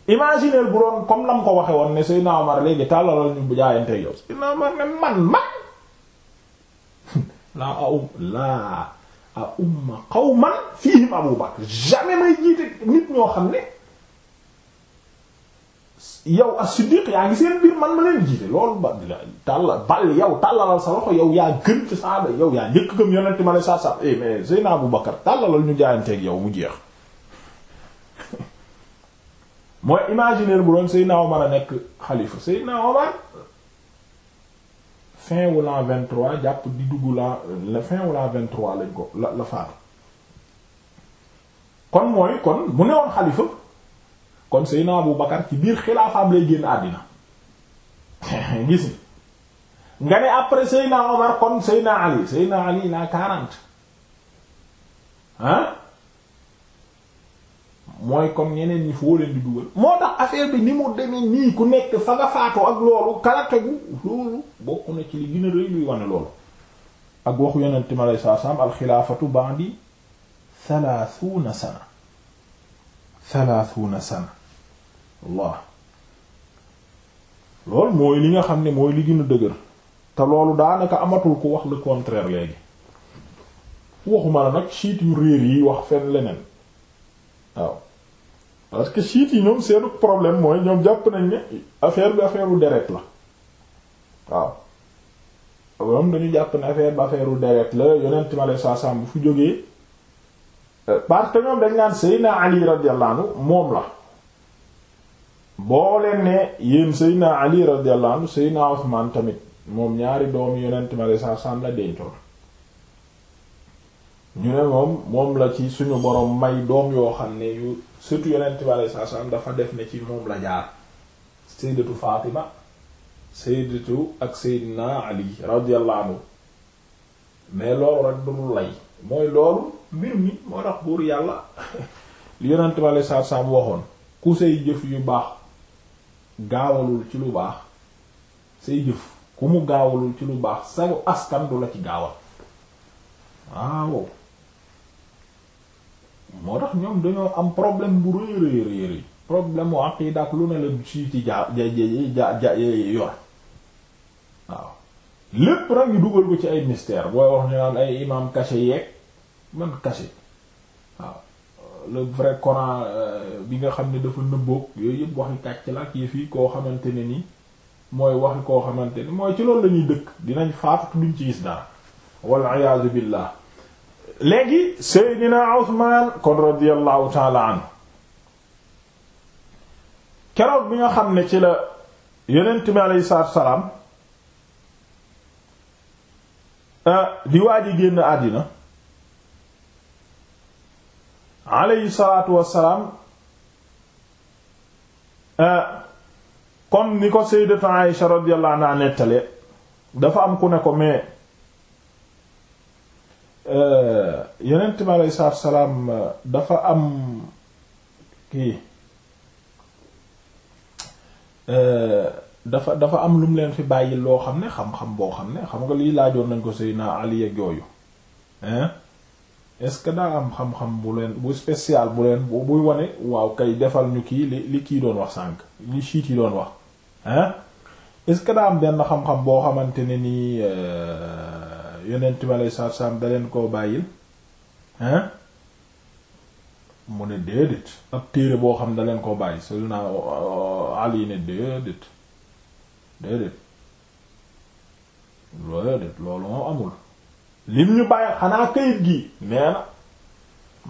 A: imaginer bu doon comme na mu ko waxee woon ne Seydina Omar léegi tàllalal ñu bu jaayante yow Seydina Omar ne man man. laa a um laa a umma qawman fihim Abu Bakr jamais may jiite nit ñoo xam ne yow as-Siddiq yaa ngi seen biir man ma leen jiite loolu ba tàlla bal yow tàllalal sa loxo yow yaa gën ci saaba yow yaa njëkk gëm yonente ma la sa eh, sa Seyna Abu Bakr tàllalal ñu jaayanteeg yow mu jeex mooy imaginer bu doon Seyna Omar a nekk xalifa Seyna Omar fin wu l'an 23 jàpp di dugg la euh, la fin wu l'an 23 lañ ko la la faatu kon mooy kon mu newoon xalifa kon Seydina Abu Bakar ci biir xilaafaam lay génn àddina gis ni nga ne après Seydina Omar kon Seydina Ali Seydina Ali naa 40 ah mooy comme ñeneen ñi foo leen di dugal moo tax affaire bi ni mu demee nii ku nekk fa nga faatoo ak loolu karate gu loolu bokk na ci li gën a rëy luy wane loolu ak waxu yonent mi alayhi salaam alxilaafatu ba'di thalaathuuna sana thalaathuuna sana Allah loolu mooy li nga xam ne mooy li gën dëgër te loolu daanaka amatul ku wax le contraire léegi waxuma la nag siit yu réer yi wax fenn leneen waaw parce que chiites yi ñoom seenu problème mooy ñoom jàpp nañ ne affaire bi affaire u deret la waaw moom dañu jàpp ne affaire bi affaire u deret la yonent mi aleye saa bu fu jógee parce que ñoom dañ naan Seydina Ali radiyallahu moom la boo leen ne yéen Seydina Ali radiyallahu anhu Seydina tamit moom ñaari doom yonent mi aleye saa salaam la ñu ne moom moom la ci suñu borom may doom yoo xam ne yu surtout yonent bi alayhi salaatu salaam dafa def ne ci moom la jaar sayyidatu Fatima sayyidatu ak sayyidina Ali radiyallahu mais loolu rek mooy loolu mi moo yàlla li yonent bi alayhi waxoon ku say jëf yu baax gaawalul ci lu baax say jëf ku mu gaawalul ci lu baax sayu askan du la ci gaawal waaw moo tax ñoom dañoo am problème bu rëy rëy rëy rëy problème mu aqida ak lu ne la sii ci ja ja ja yor waaw lépp rek ñu dugal ko ci ay ministère booy wax ñu ay imam caché yeeg man caché waaw vrai Coran euh, bi nga xam ne dafa nëbboog yooyu yëpp waxi kàcc la ak yëf yi koo xamante ne ni mooy waxi koo xamante ni mooy ci loolu lañuy dëkk dinañ faatu duñ ci gis dara wal iyaazu billah léegi Seydina Usmaan kon radiyallahu taala anhu keroog bi nga xam ne ci la yonent bi aleyhi salaatu salaam ah, di waaj a génn àddina aleyhi salaatu wa salaam ah, ni ko Sayyidatu Aïsha radiyallahu anha nettalee dafa am ku ne ko mais Euh, yonent mi aleyhi salaatu salaam dafa am kii euh, dafa dafa am lu mu leen fi bàyyi loo xam ne xam-xam boo xam ne xam nga lii laajoon nañ ko Seydina Ali ak yooyu hein est-ce que daa am xam-xam bu leen bu spécial bu leen bu buy wane waaw kay defal ñu kii li li kii doon wax sànq li siit yi doon wax hein est-ce que daa am benn xam-xam boo xamante ne nii. Euh, yeneen bi aleyhi salaatu da leen koo bàyyil hein mu ne déedéet ab téere boo xam ne da leen koo bàyyi Seydina uh, Ali ne déedéet déedéet loolu moom amul lim ñu bàyyi xanaa kayit gi nee na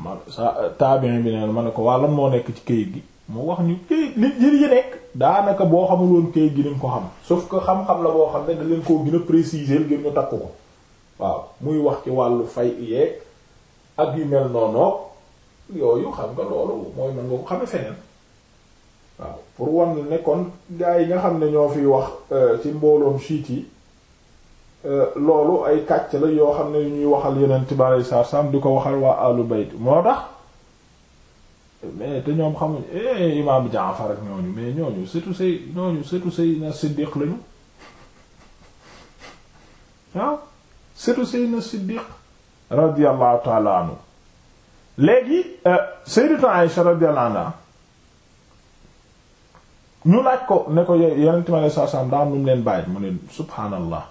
A: man sa taabin bi nee na ne ko wàllam moo nekk ci kayit gi mu wax ñu kayit li jër yi nekk daanaka boo xamul woon gi ni nga ko xam sauf ko xam-xam la boo xam ne da leen koo gën a préciser gën ñu takk ko waaw muy wax ci wàllu fay yee ak yu mel noonoog yooyu xam nga loolu mooy mën nga ko xame feneen waaw pour wan ne nekkoon gaa yi nga xam ne ñoo fi wax euh, ci mbooloom siit yi euh, loolu ay kàcc la yoo xam ne yu ñuy waxal yeneen tibaray sar sam di ko waxal waa alu bayt moo tax mais te ñoom xamuñ eh imaam Jaafar ak ñooñu mais ñooñu surtout say ñooñu surtout say na Siddiq lañu setu Seydina Siddiq radiyallahu taala anhu léegi euh, Sayyidatu Aïsha radiyallahu anha ñu laaj ko ne ko yeneen time ale saa saam daa am nu mu leen bàyyi mu ne subhaanallah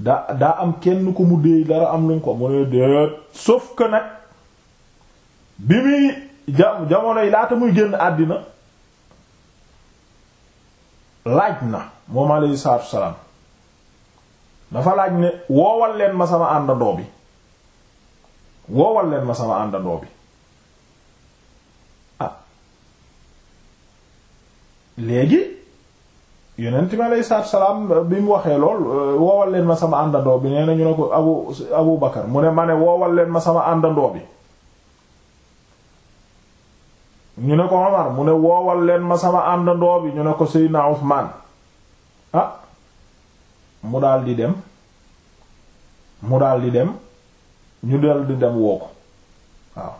A: daa daa am kenn ku mu déey dara am lu mu ko mu ne déet sauf que bi muy ja jamono yi laata muy génn àddina laaj na moom alayhi salaatu salaam dafa laaj ne woowal leen ma sama àndandoo bi woowal leen ma sama àndandoo bi ah léegi yonent bi alayhi salaatu salaam euh, bi mu waxee lool euh, woowal leen ma sama àndandoo bi nee na ñu ne ko abu abu bakar mu ne ma ne woowal leen ma sama àndandoo bi ñu ne ko Omar mu ne woowal leen ma sama àndandoo bi ñu ne ko Seydina Usmaan ah mu daal di dem mu daal di dem ñu dal di dem woo ko waaw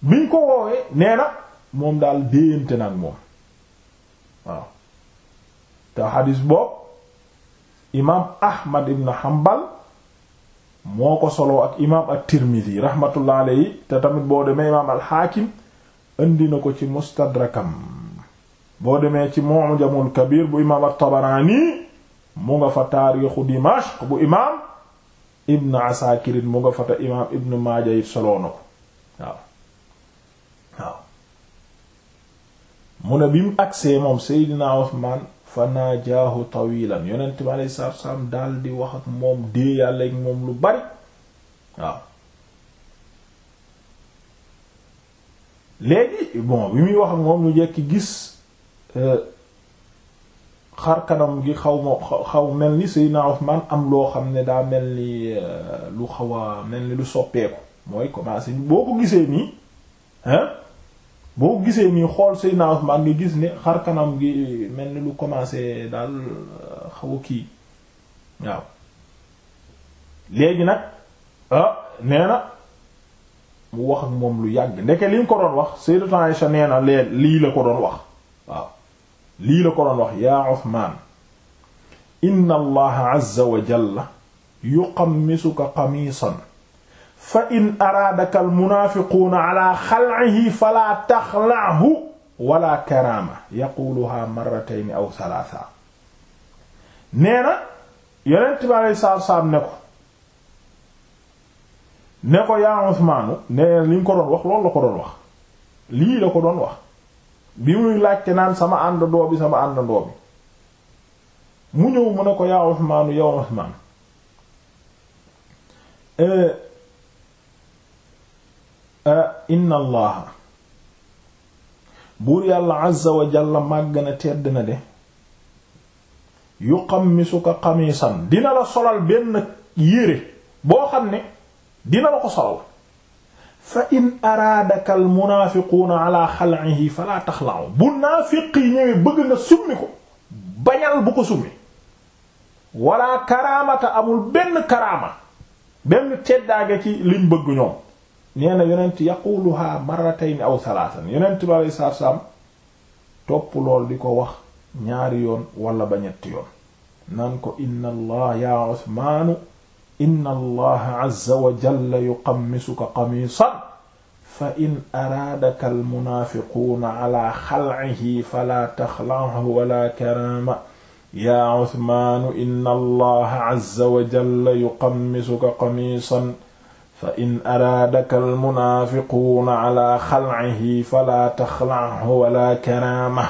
A: biñ ko woowee nee na moom daal déeyante nag moom te xadis boob imaam ahmad ibn hanbal moo ko soloo ak imaam at-tirmidhi rahmatullah alayhi te tamit boo demee imaam al-hakim indi na ko ci mustadrakam boo demee ci mu'jamul kabir bu imaam at-tabarani mu nga fa taarixu Dimashq bu imaam Ibn Asaakirin mu nga fa te imaam Ibn Maaja it ko waaw waaw mu ne bi mu agsee moom Seydina Usmaan fa najaahu tawilan yonent bi alayhi salaatu di wax ak moom dee yàlla ak moom lu bari waaw léegi bon bi muy wax ak moom ñu jekki gis. Euh, xarkanam gi xaw ma xaw mel ni Seydina Ousmane am loo xam ne daa mel ni euh, lu xaw a mel ni lu soppeeku mooy commencé boo ko gisee nii hein boo ko gisee nii xool Seydina Ousmane nga gis ne xarkanam gi mel ni lu commencé daal euh, xaw kii waaw léegi nag ah nee na mu wax ak moom lu yàgg ndeke li ñu ko doon wax Sayyidatu Aïsha nee na lee lii la ko doon wax waaw lii la ko doon wax yaa Uthman inna allaha azza wa jalla yuqammisuka qamiisan fa in araadaka almunaafiquuna ala xal'ihi fala taxla'hu wala karaama yaquluha marratayni aw salaasa nee na yonent bi alei saatu salaam ne ko ne ko yaa Usmaanu nee li ko doon wax loolu la ko doon wax lii la ko doon wax bi muy laajte naan sama àndandoo bi sama àndandoo bi mu ñëw mu ne ko yaa Usmaanu yaa Usmaan eh, eh, inna allaha buur yàlla azza wa jalla màgg na tedd na de yuqammisuka qamisan dina la solal benn yére boo xam ne dina la ko solal fa in araadaka al munaafiquuna ala xal'ihi fala taxla'u bu naafiq yi ñëwee bëgg nga summi ko bañal bu ko summi wala karaamata amul benn karaama benn teddaage ci liñ bëgg ñoom nee na yonent yaquluha marratayn aw thalathan yonent bi alayhi salaatu salaam topp lool di ko wax ñaari yoon wala ba ñetti yoon naan ko inna allah ya usmaanu inna allaha azza wa jalla yuqammisuka qamiisan fa in araadaka almunaafiquuna ala xalcihi falaa taxlachu wala karaama yaa Usmaanu inna allaha azza wa jalla yuqammisuka qamiisan fa in araadaka almunaafiquuna ala xalcihi falaa taxlachu wala karaama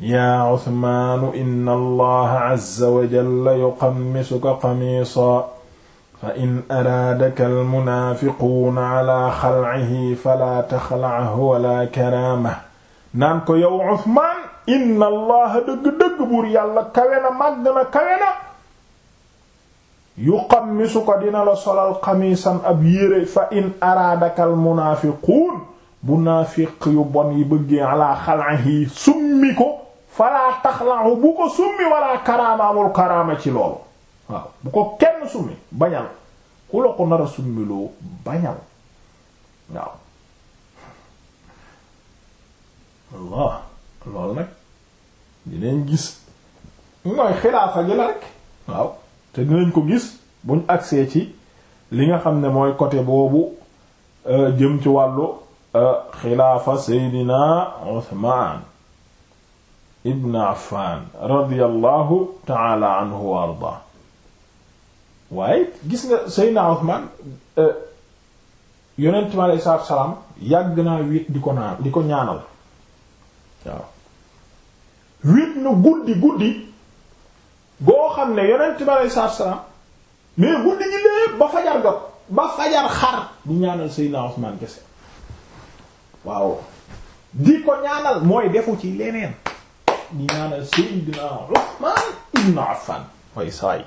A: yaa Usmaanu inna allaha azza wa jalla yuqammisuka qamiisan fa in araadaka almunaafiquuna ala xalcihi fala taxlachu wala karaama naan ko yow Usmaan inna allaha dëgg-dëgg buur yàlla kawe na màgg na kawe na yuqammisu ko dina la solal xamiisam ab yére fa in araadaka almunaafiquun bu naafiq yu bon yi bëggee ala xalcihi summi ko fala taxlachu bu ko summi wala karaama amul karaama ci loolu waaw bu ko kenn summi bañal ku la ko nar summiloo bañal waaw Allah loolu nag dinañ gis mooy xilaafa gi rek waaw te dinañ ko gis buñ agsee ci li nga xam ne mooy côté boobu euh, jëm ci wàllu euh, xilaafa Seydina Usmaan ibn Affan radiyallahu ta'ala anhu wa ardaa waaye gis nga Seydina Usmaan euh, yonent mi aleyhi salaatu salaam yàgg naa wéet di ko di ko ñaanal waaw wéet na guddi guddi boo xam ne yonent mi aleyhi salaatu salaam mais guddi gi lépp ba fajar jot ba fajar xar di ñaanal Seydina Usmaan kese waaw di ko ñaanal mooy defu ci leneen di ñaanal Seydina Usmaan ibn Affan way saay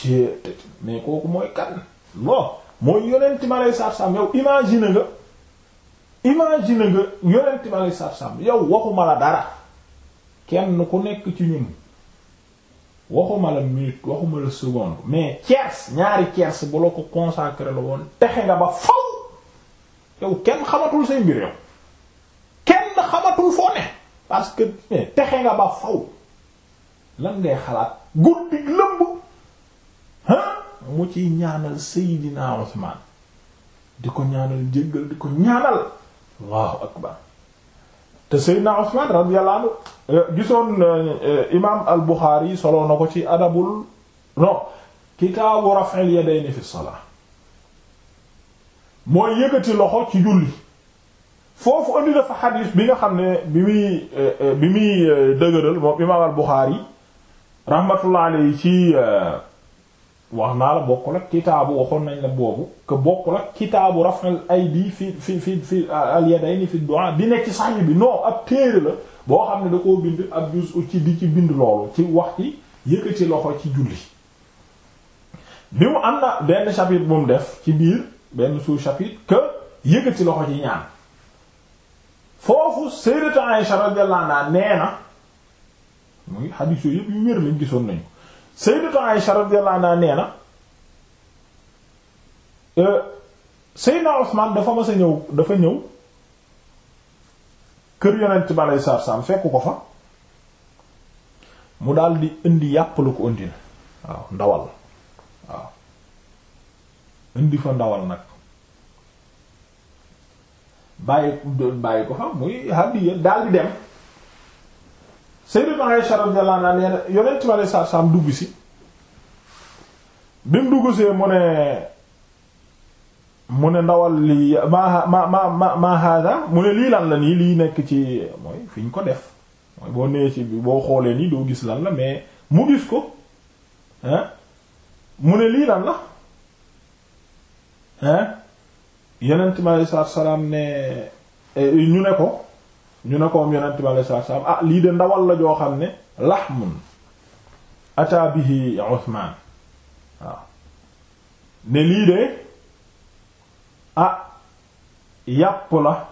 A: ct mais kooku mooy kan lo mooy yonent ma lay sarsam yow imagine nga imagine nga yonent ma lay sarsam yow waxuma la dara kenn ku nekk ci ñun waxuma la minute waxuma la seconde mais tiers ñaari tiers bu la ko consacré la woon texe nga ba faw yow kenn xamatul say mbir yow kenn xamatul foo ne parce que texe nga ba faw lan ngay xalaat guddi lëmb mu ciy ñaanal Seydina Usmaan di ko ñaanal jéggal di ko ñaanal allahu akbar te Seydina Usmaan radiyallahu anhu eh, gisoon eh, imaam al Buxaari soloo na ko ci adabul non kitaabu raf'il yadayni fi salaa mooy yëkkati loxo ci julli foofu andi dafa xadiis bi nga xam ne bi muy eh, bi muy dëgëral moom imaam al Buxaari rahmatullah alayhi ci wax naa la bokkul ak kitaabu waxoon nañ la boobu que bokkul ak kitaabu raf'al aydi fi fi fi fi al yadayni fi du'a bi nekk ci sax bi non ab téere la boo xam ne da koo bind ab juz'u ci di ci bind loolu ci wax ci loxo ci julli. bi mu am na benn chapitre bu mu def ci biir benn sous-chapitre que loxo ci yooyu yëpp yu wér lañ gisoon nañu. sayyidatu Aisha radiyallahu anha nee na euh, Seydina dafa mas a ñëw dafa ñëw kër yonent bi aleyhi salaatu salaam ko fa mu dal di indi yàpp lu ko indi na waaw ndawal waaw indi fa ndawal nag bàyyi doon bàyyi ko fa muy hadiya daal di dem Sayyidatu Aisha radiyallahu anha nee na yonent bi alayhi salaatu salaam dugg si bi mu dugg see mu ne mu ne ndawal lii ma ma ma ma mu ne lii lan la nii lii nekk ci mooy fi ñu ko def mooy boo nee ci boo xoolee nii doo gis lan la mais mu gis ko ah mu ne lii lan la ah yonent bi alayhi salaatu salaam ne eh, ñu ne ko. ñu ne ko am yonent bi alayhi salaam ah lii de ndawal la joo xam ne lahmun ata bihi Usmaan waaw ne lii de ah yàpp la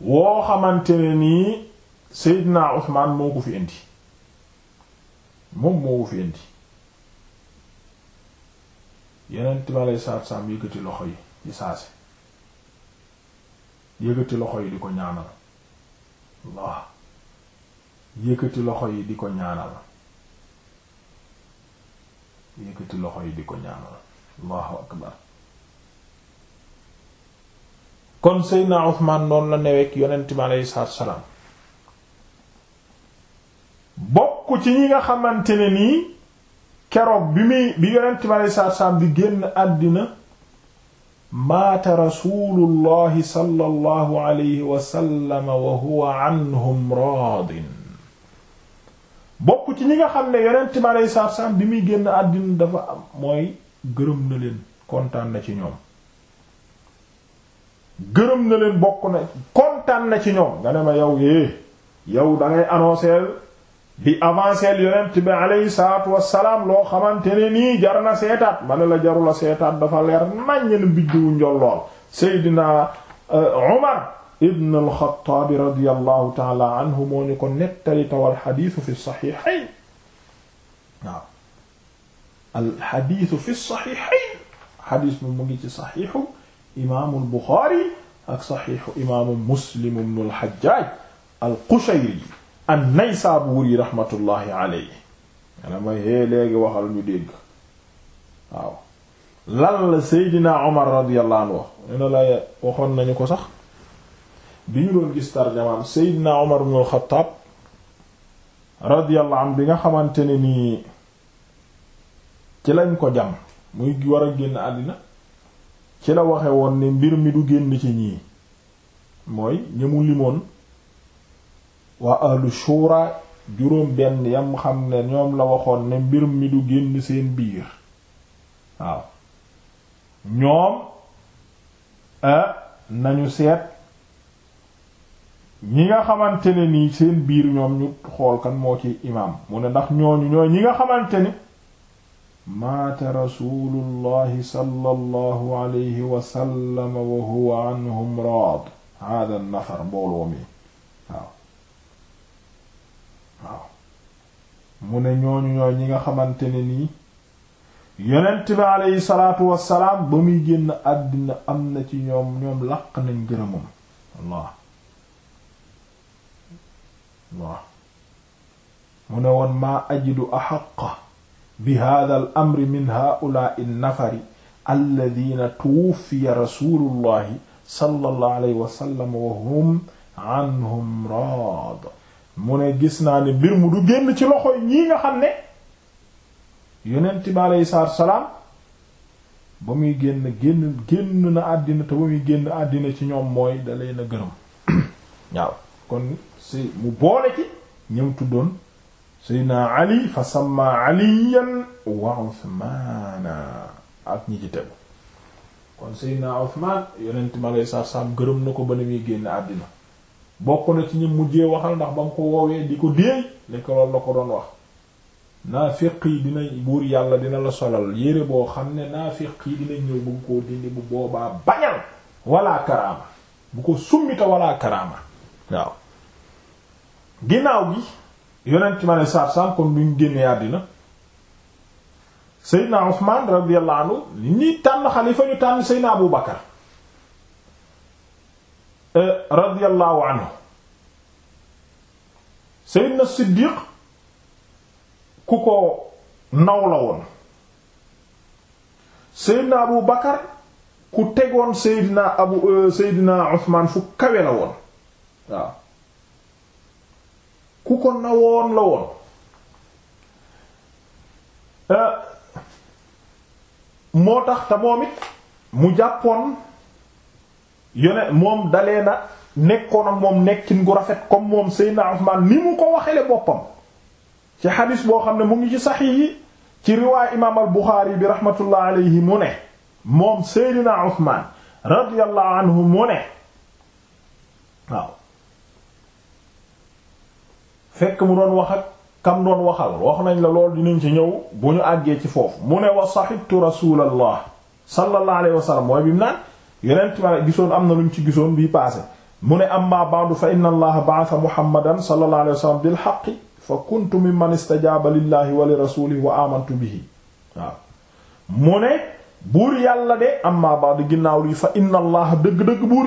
A: woo xamante ne nii Seydina Usmaan moo ko fi indi moom moo ko fi indi yeneen bi alei salaatu salaam loxo yi ci saase yëkkati loxo yi di ko ñaanal Allah yëkkati loxo yi di ko ñaanal yëkkati loxo yi di ko ñaanal Allahu akbar kon Seydina Usmaan noonu la newek yonent bi aleyhi salaam bokk ci ñi nga xamante ne nii keroog bi muy bi yonent bi aleyhi salaatu salaam di génn àddina maata rasulullahi sallallahu alayhi wa sallam wa huwa anhum raadin bokk ci ñi nga xam ne yonent mi alayhi salaatu salaam bi muy génn àddina dafa am mooy gërëm na leen kontaan na ci ñoom gërëm na leen bokk na kontaan na ci ñoom nga ne ma yow yée eh, yow dangay ngay di avancer yonent bi alayhi salaatu wassalaam loo xamante ne nii jar na seetaat ma ne la jarul a seetaat dafa leer naññ na mbiddiwu njollool Seydina euh, Umar ibn al-Khattab radiyallahu taala anhu moo ñu ko nettali tawal xadiisu fi saxiixayn waaw alxadiisu fi saxiixayn xadiis bi mu ngi ci saxiixu imaamu Buxaari ak saxiixu imaamu Muslim ibn al-Hajjaaj al-Qushayri an-Naysaburi rahmatullahi alayhi mane ma hee léegi waxal ñu dégg waaw lan la Seydina Omar radiyallahu anhu ñu ne la waxoon nañu ko sax bi ñu doon gis tarjamaam Seydina Omar ibn al-Khattab radiyallahu bi nga xamante ne nii ci lañ ko jam muy war a génn àddina ci la waxe woon ne mbir mi du génn ci ñii mooy ñëmu limoon waa ahlu shura juróom benn yam xam ne ñoom la waxoon ne mbir mi du génn seen biir waaw ñoom ah, nañu seet ñi nga xamante ne nii seen biir ñoom ñu xool kan moo ci imaam mu ne ndax ñooñu ñooy ñi nga xamante ni maata rasulullahi sallallahu alayhi wa sallam wa huwa anhum raad hada nafar mbooloo mi mu ne ñooñu ñooy ñi nga xamante ne nii yonent bi aleyhi salaatu wassalaam ba muy génn àddina am na ci ñoom ñoom laq nañ gërëmam Allah Allah mu ne woon maa ajidu axaqa bi hada al amri min haulaai nnafari alladina tuwuffiya rasulullahi sallallahu alayhi wa sallam wa hum anhum raad mu ne gis naa ne mbir mu du génn ci loxoy ñii nga xam ne yonent bi aleyhi salaatu salaam ba muy génn génn génn na àddina te ba muy génn àddina ci ñoom mooy da leen gërëm waaw kon si mu boole ci ñëm tuddoon seydna ali fa sama aliyan wa uthmaana ak ñi ci tegu kon seydna uthman yonent bi aleyhi salaatu salaam gërëm na ko ba ne muy génn àddina bokk na ci ñu mujjee waxal ndax ba mu ko woowee di ko déey lekk loolu la ko doon wax naafiq yi dina buur yàlla dina la solal yére boo xam ne naafiq yi dina ñëw bëgg koo dindi bu boobaa bañal walla karaama bu ko summita walla karaama waaw ginnaaw gi yonent ma ne saar kon duñ génnee àddina seydna Usmaan radiyallahu anhu ni tànn xalifa ñu tànn seydna Abu Bakar Euh, radiyallahu anhu Seydina Siddiq ku ko naw woon Seydina Abu Bakar ku tegoon Seydina Abu euh, Seydina Usmaan fu kawe woon ku ko nawoon la woon euh, moo tax te mu jàppoon yone moom dalee na nekkoon ak moom nekkin gu rafet comme moom Seydina Usmaan ni mu ko waxele boppam ci xadis boo xam ne mu ngi ci saxix yi ci riwaay imaam al Buxaari bi rahmatullah alayhi mu ne moom Seydina Usmaan radiyallahu mu ne waaw fekk mu doon wax ak kam doon waxal wax nañ la lool di dinañ ci ñëw bu ñu àggee ci foofu mu ne wa saxibtu rasulallah sallallahu alayhi wa mu naan yeneen tamit gisoon am na lu ñu ci gisoon bii paase mu ne amma ba'du fa inna allaha ba'atha muhammadan sallallahu alayhi wa sallam bil haqqi fa kuntu mimman istajaaba lillahi wa li wa amantu bihi waaw mu ne yàlla de amma ba'du ginnaaw li fa dëgg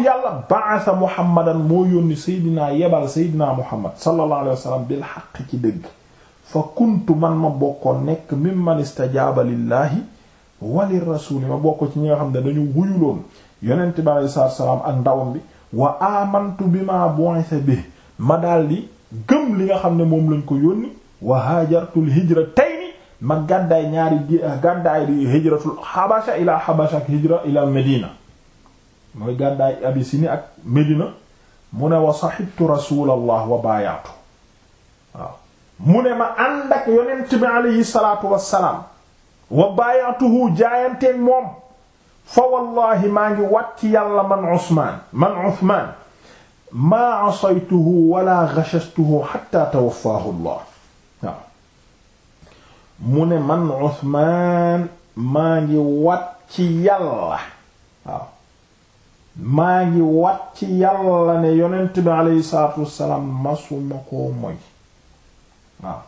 A: yàlla ba'atha muhammadan moo yónni seydinaa yebal seydinaa muhammad sallallahu alayhi wa sallam bil haqqi ci dëgg fa kuntu man ma bokkoon nekk mimman istajaaba lillahi wa bokk ci ñi nga xam ne dañu wuyuloon yonent bi aleyhi salaatu ak ndawam bi wa amantu bima bu'itha bi ma daldi gëm li nga xam ne moom lañ ko yónni wa haajartul hijratayni ma gàddaay ñaari ah, gàddaay di hijratul habasha ila habasha hijra ila medina mooy gàddaay abisini ak medina mu ne wa sahibtu rasulallah wa baayaatu mu ne ma ànd ak bi aleyhi salaatu wa wa baayaatuhu jaayanteen moom fa wallahi maa ngi wat ci yàlla man Usmaan man Usmaan maa asaytuhu wala ghashastuhu hatta tawaffaahu Allah waaw mu ne man Usmaan maa ngi wat ci yàlla waaw maa ngi wat ci yàlla ne yonent bi aleyhi salaatu wassalaam masuma koo moy waaw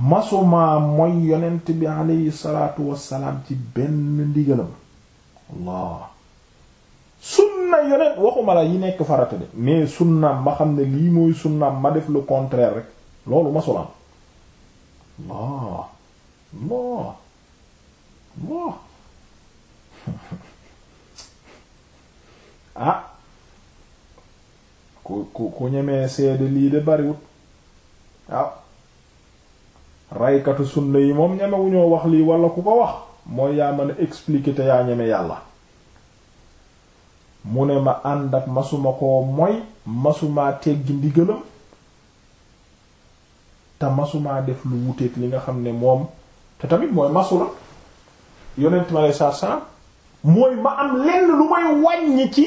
A: masumaa mooy yonent bi aleyhi salaatu wassalaam ci benn ndigalam allah sunna yonent waxuma la yi nekk farata de mais sunnaam ma xam ne lii mooy sunnaam ma def le contraire rek loolu masulaam allah allah allah ah. lii de waaw raykatu sunna yi moom ñemewuñoo wax lii wala ku ko wax mooy yaa mën a expliquer te yaa ñeme yàlla mu ne ma ànd ak masuma koo moy masumaa teggi ndigalam te masuma def lu wuteeg li nga xam ne moom te tamit mooy masu la yonent ma lay saa saa mooy ma am lenn lu may wàññi ci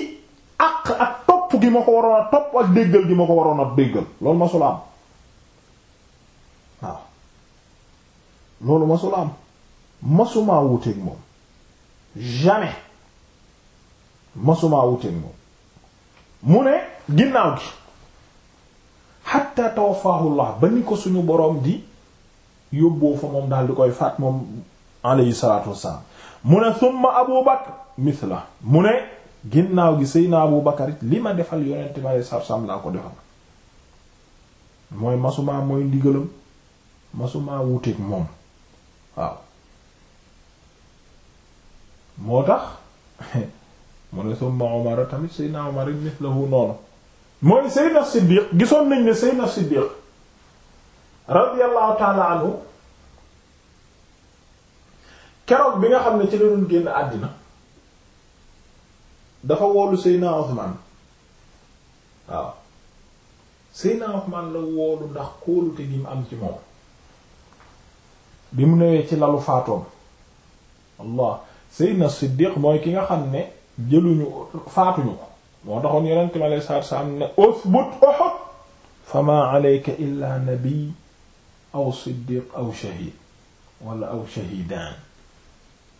A: àq ak topp gi ma ko waroon a topp ak déggal gi ma ko waroon a déggal loolu masu la am waaw loolu masula am masumaa wuteeg moom jamais masumaa wuteeg moom mu ne ginnaaw gi hatta tawafaahullah ba ni ko suñu boroom di yóbboo fa moom daal di koy faat moom alayhi salaatu wassalaam mu ne summa abu bakar mithla mu ne ginnaaw gi sëy na abu bakar it li ma defal yonent ma saab saam laa ko defal mooy masumaa mooy ndigalam masumaa wuteeg moom waaw moo tax mu ne summa Umar tamit Seydina Umar mislahu noonu mooy Seydina Siddiq gisoon nañ ne Seydina Siddiq radiyallahu ta'ala anhu keroog bi nga xam ne ci la génn àddina dafa woolu Seydina Usmaan waaw Seydina Usmaan la woolu ndax kóolute gi mu am ci moom bi mu newee ci lalu faatoom allah Seydina Siddiq mooy ki nga xam ne jëluñu faatuñu ko moo taxoon yonent mi alei salatu salaam ne usbut Uhud fama alayka illa nabi aw siddiq aw shahid wala aw shahidan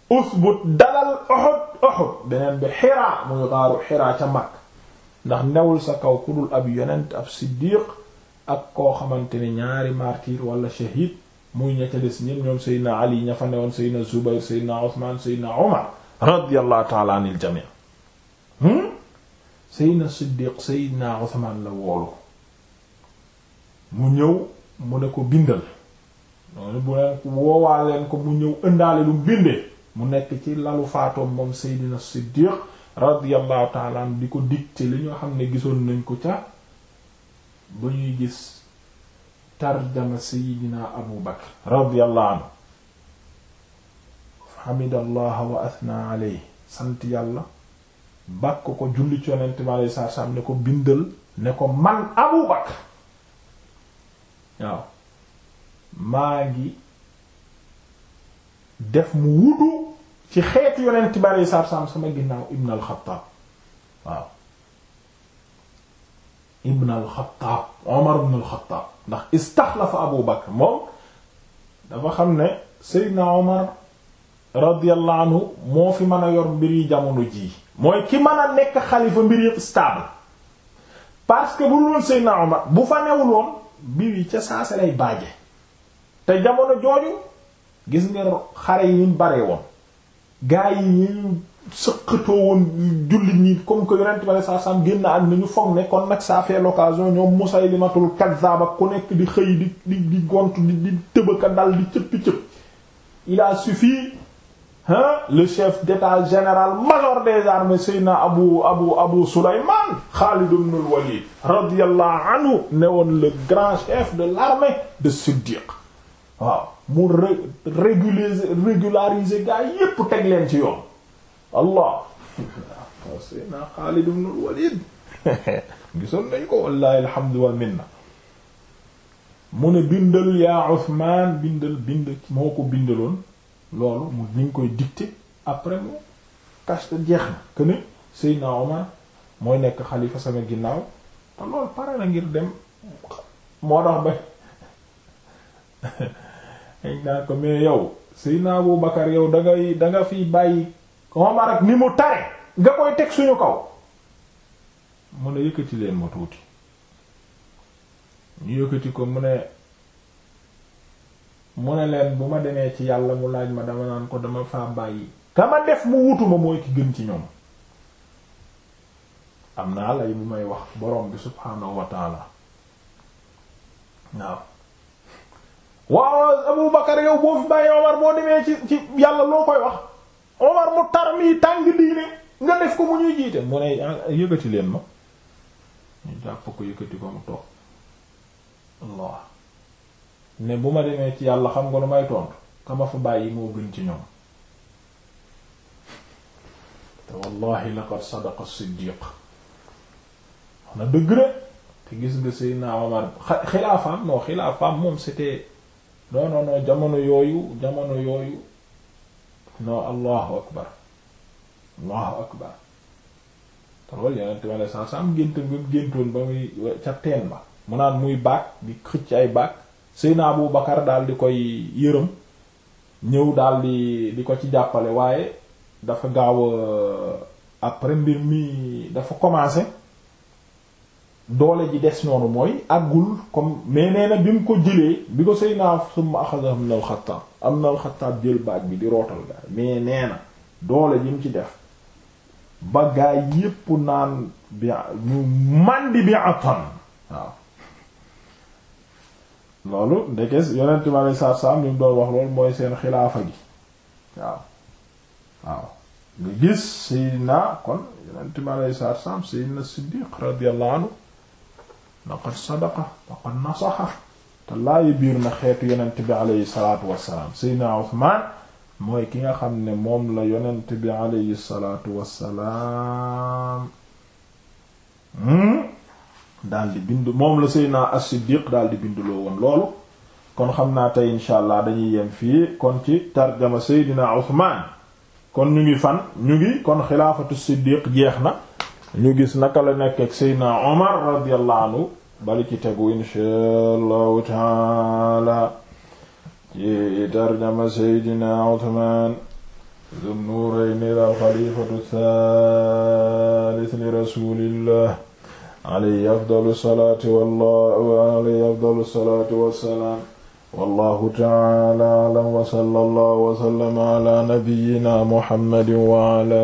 A: usbut dalal Uhud Uhud beneen bi Hira muy gaaru Hira ca mag ndax newul sa kaw ku dul ab yonent ab siddiq ak koo xamante ne ñaari martyr wala shahid muy ña ca des ñépp ñoom Seydina Ali ña fa newoon Seydina Zubayr Seydina Usmaan Seydina Umar radiyallahu ta'ala anil jami' hmm? Seydina Siddiq Seydina Usmaan la woolu mu ñëw mu ne ko bindal noonu bu leen woowaa leen ko mu ñëw ëndaale lu bindee mu nekk ci lalu faatoom moom Seydina Siddiq radiyallahu ta'ala an di ko dicté li ñoo xam ne gisoon nañ ko ca ba ñuy gis tarjama seydina abu bakr radiyallahu anhu wa athna alayhi sant yàlla bàkk ko julli ci yonent bi alayhi salaatu salaam ne ko bindal ne ko man abu bakr waaw maa ngi def mu wudu ci xeetu yonent bi alayhi salaatu salaam sama ginnaaw ibn al waaw ibn al-Xattaab ndax istaxlafa Abu Bakr moom dafa xam ne Seydina Omar radiyallahu anhu moo fi mën a yor mbir yi jamono jii mooy ki mën a nekk xalifa mbir yëpp stable parce bu dul woon Seydina Omar bu fa newul woon mbir yi ca saase lay baaje te jamono jooju gis nga xare yi ñu bare woon gaa yi ñu sëqatoo woon jullit ñi comme que yonent bale saa sam génn ak ni ñu foog ne nag ça fait l'occasion ñoom Musaylimatul kazzab ak ku nekk di xëy di di di gont di di tëbaka dal di cëppi cëpp il a suffi ah le chef d'état général major des armées Seydina Abu Abu Abu Souleymane Khalid ibn al anhu ne woon le grand chef de l'armée de Siddiq waaw mu régulariser régulariser gaa yépp teg leen ci yoon allah waaw Seydina Xaalid ibn gisoon nañ ko wallahi alhamdu wal mu ne bindal yaa Usmaan bindal bind moo ko bindaloon loolu mu koy dicté après mu kasta jeex na que ne Omar mooy nekk xalifa sama ginnaaw te loolu pare na ngir dem moo tax ba dañ ko mais yow Seydina Abu Bakar yow da ngay da bàyyi Omar ak ni mu tare nga koy teg suñu kaw mu ne yëkkati leen ma tuuti ñu yëkkati ko mu ne mu ne leen bu ma demee ci yàlla mu laaj ma dama naan ko dama faa bàyyi ka ma def mu wutuma mooy ki gën ci ñoom am naa lay bu may wax borom bi subhaanahu wa taala waaw waaw Abu Bakar yow boo fi bàyyi Omar boo demee ci ci yàlla loo koy wax Omar mu tar mii tàng diine nga def ko mu ñuy jiite mu ne ah, yëkkati leen ma ñu jàpp ko yëkkati ko mu toog Allah ne bu ma demee ci yàlla xam nga lu may tontu ka ma fa bàyyi moo gën ci ñoom te wallahi laqad sadaqa siddiq wax na dëgg rek te gis nga Seydina Omar xilaafaam non moom c'était non non non jamono yooyu jamono yooyu non allahu akbar allahu akbar te loolu yeneen tamit la sax am géntam bi mu géntoon ba muy ca teen ba mu naan muy baag di xëcc ay baag Seyna Abu Bakar daal di koy yërëm ñëw daal di di ko ci jàppale waaye dafa gaaw après mbir mi dafa commencé. doole ji des noonu mooy àggul comme mais nee na bi mu ko jëlee bi ko sëy naa summa axada am na alxataab am na alxataab jël baaj bi di rootal ga mais nee na doole ji mu ci def ba gaay yépp naan bi ñu màndi bi atan waaw loolu ndekes yonent ma lay saar saam li mu doon wax loolu mooy seen xilaafa gi waaw waaw nga gis Seydina kon yonent ma lay saar saam Seydina Siddiq radiyallahu anhu laqad sadaqa laqad nasaxa te laayi biir na xeetu yenent bi aleyhi salaatu wassalaam seydna Usmaan mooy ki nga xam ne moom la yonent bi aleyhi salaatu wassalaam hmm, daal di bind moom la seydna as-Siddiq daal di binduloo woon loolu kon xam naa tey insha allah dañuy yem fii kon ci tarjama seydna Usmaan kon ñu ngi fan ñu ngi kon xilaafatu Siddiq jeex na ñu gis naka la nekk ak Seydina Omar radiyallahu anhu bali ci tegu insha allahu taala ci tarjama Seydina Uthman Dhun Nurayn al-Khalifatu ath-thalith li rasulillah alayhi afdalu salaati wallah alayhi afdalu salaati wassalaam wallahu ta'ala a'lam wa sallallahu wa sallama ala nabiyyina Muhammadin wa ala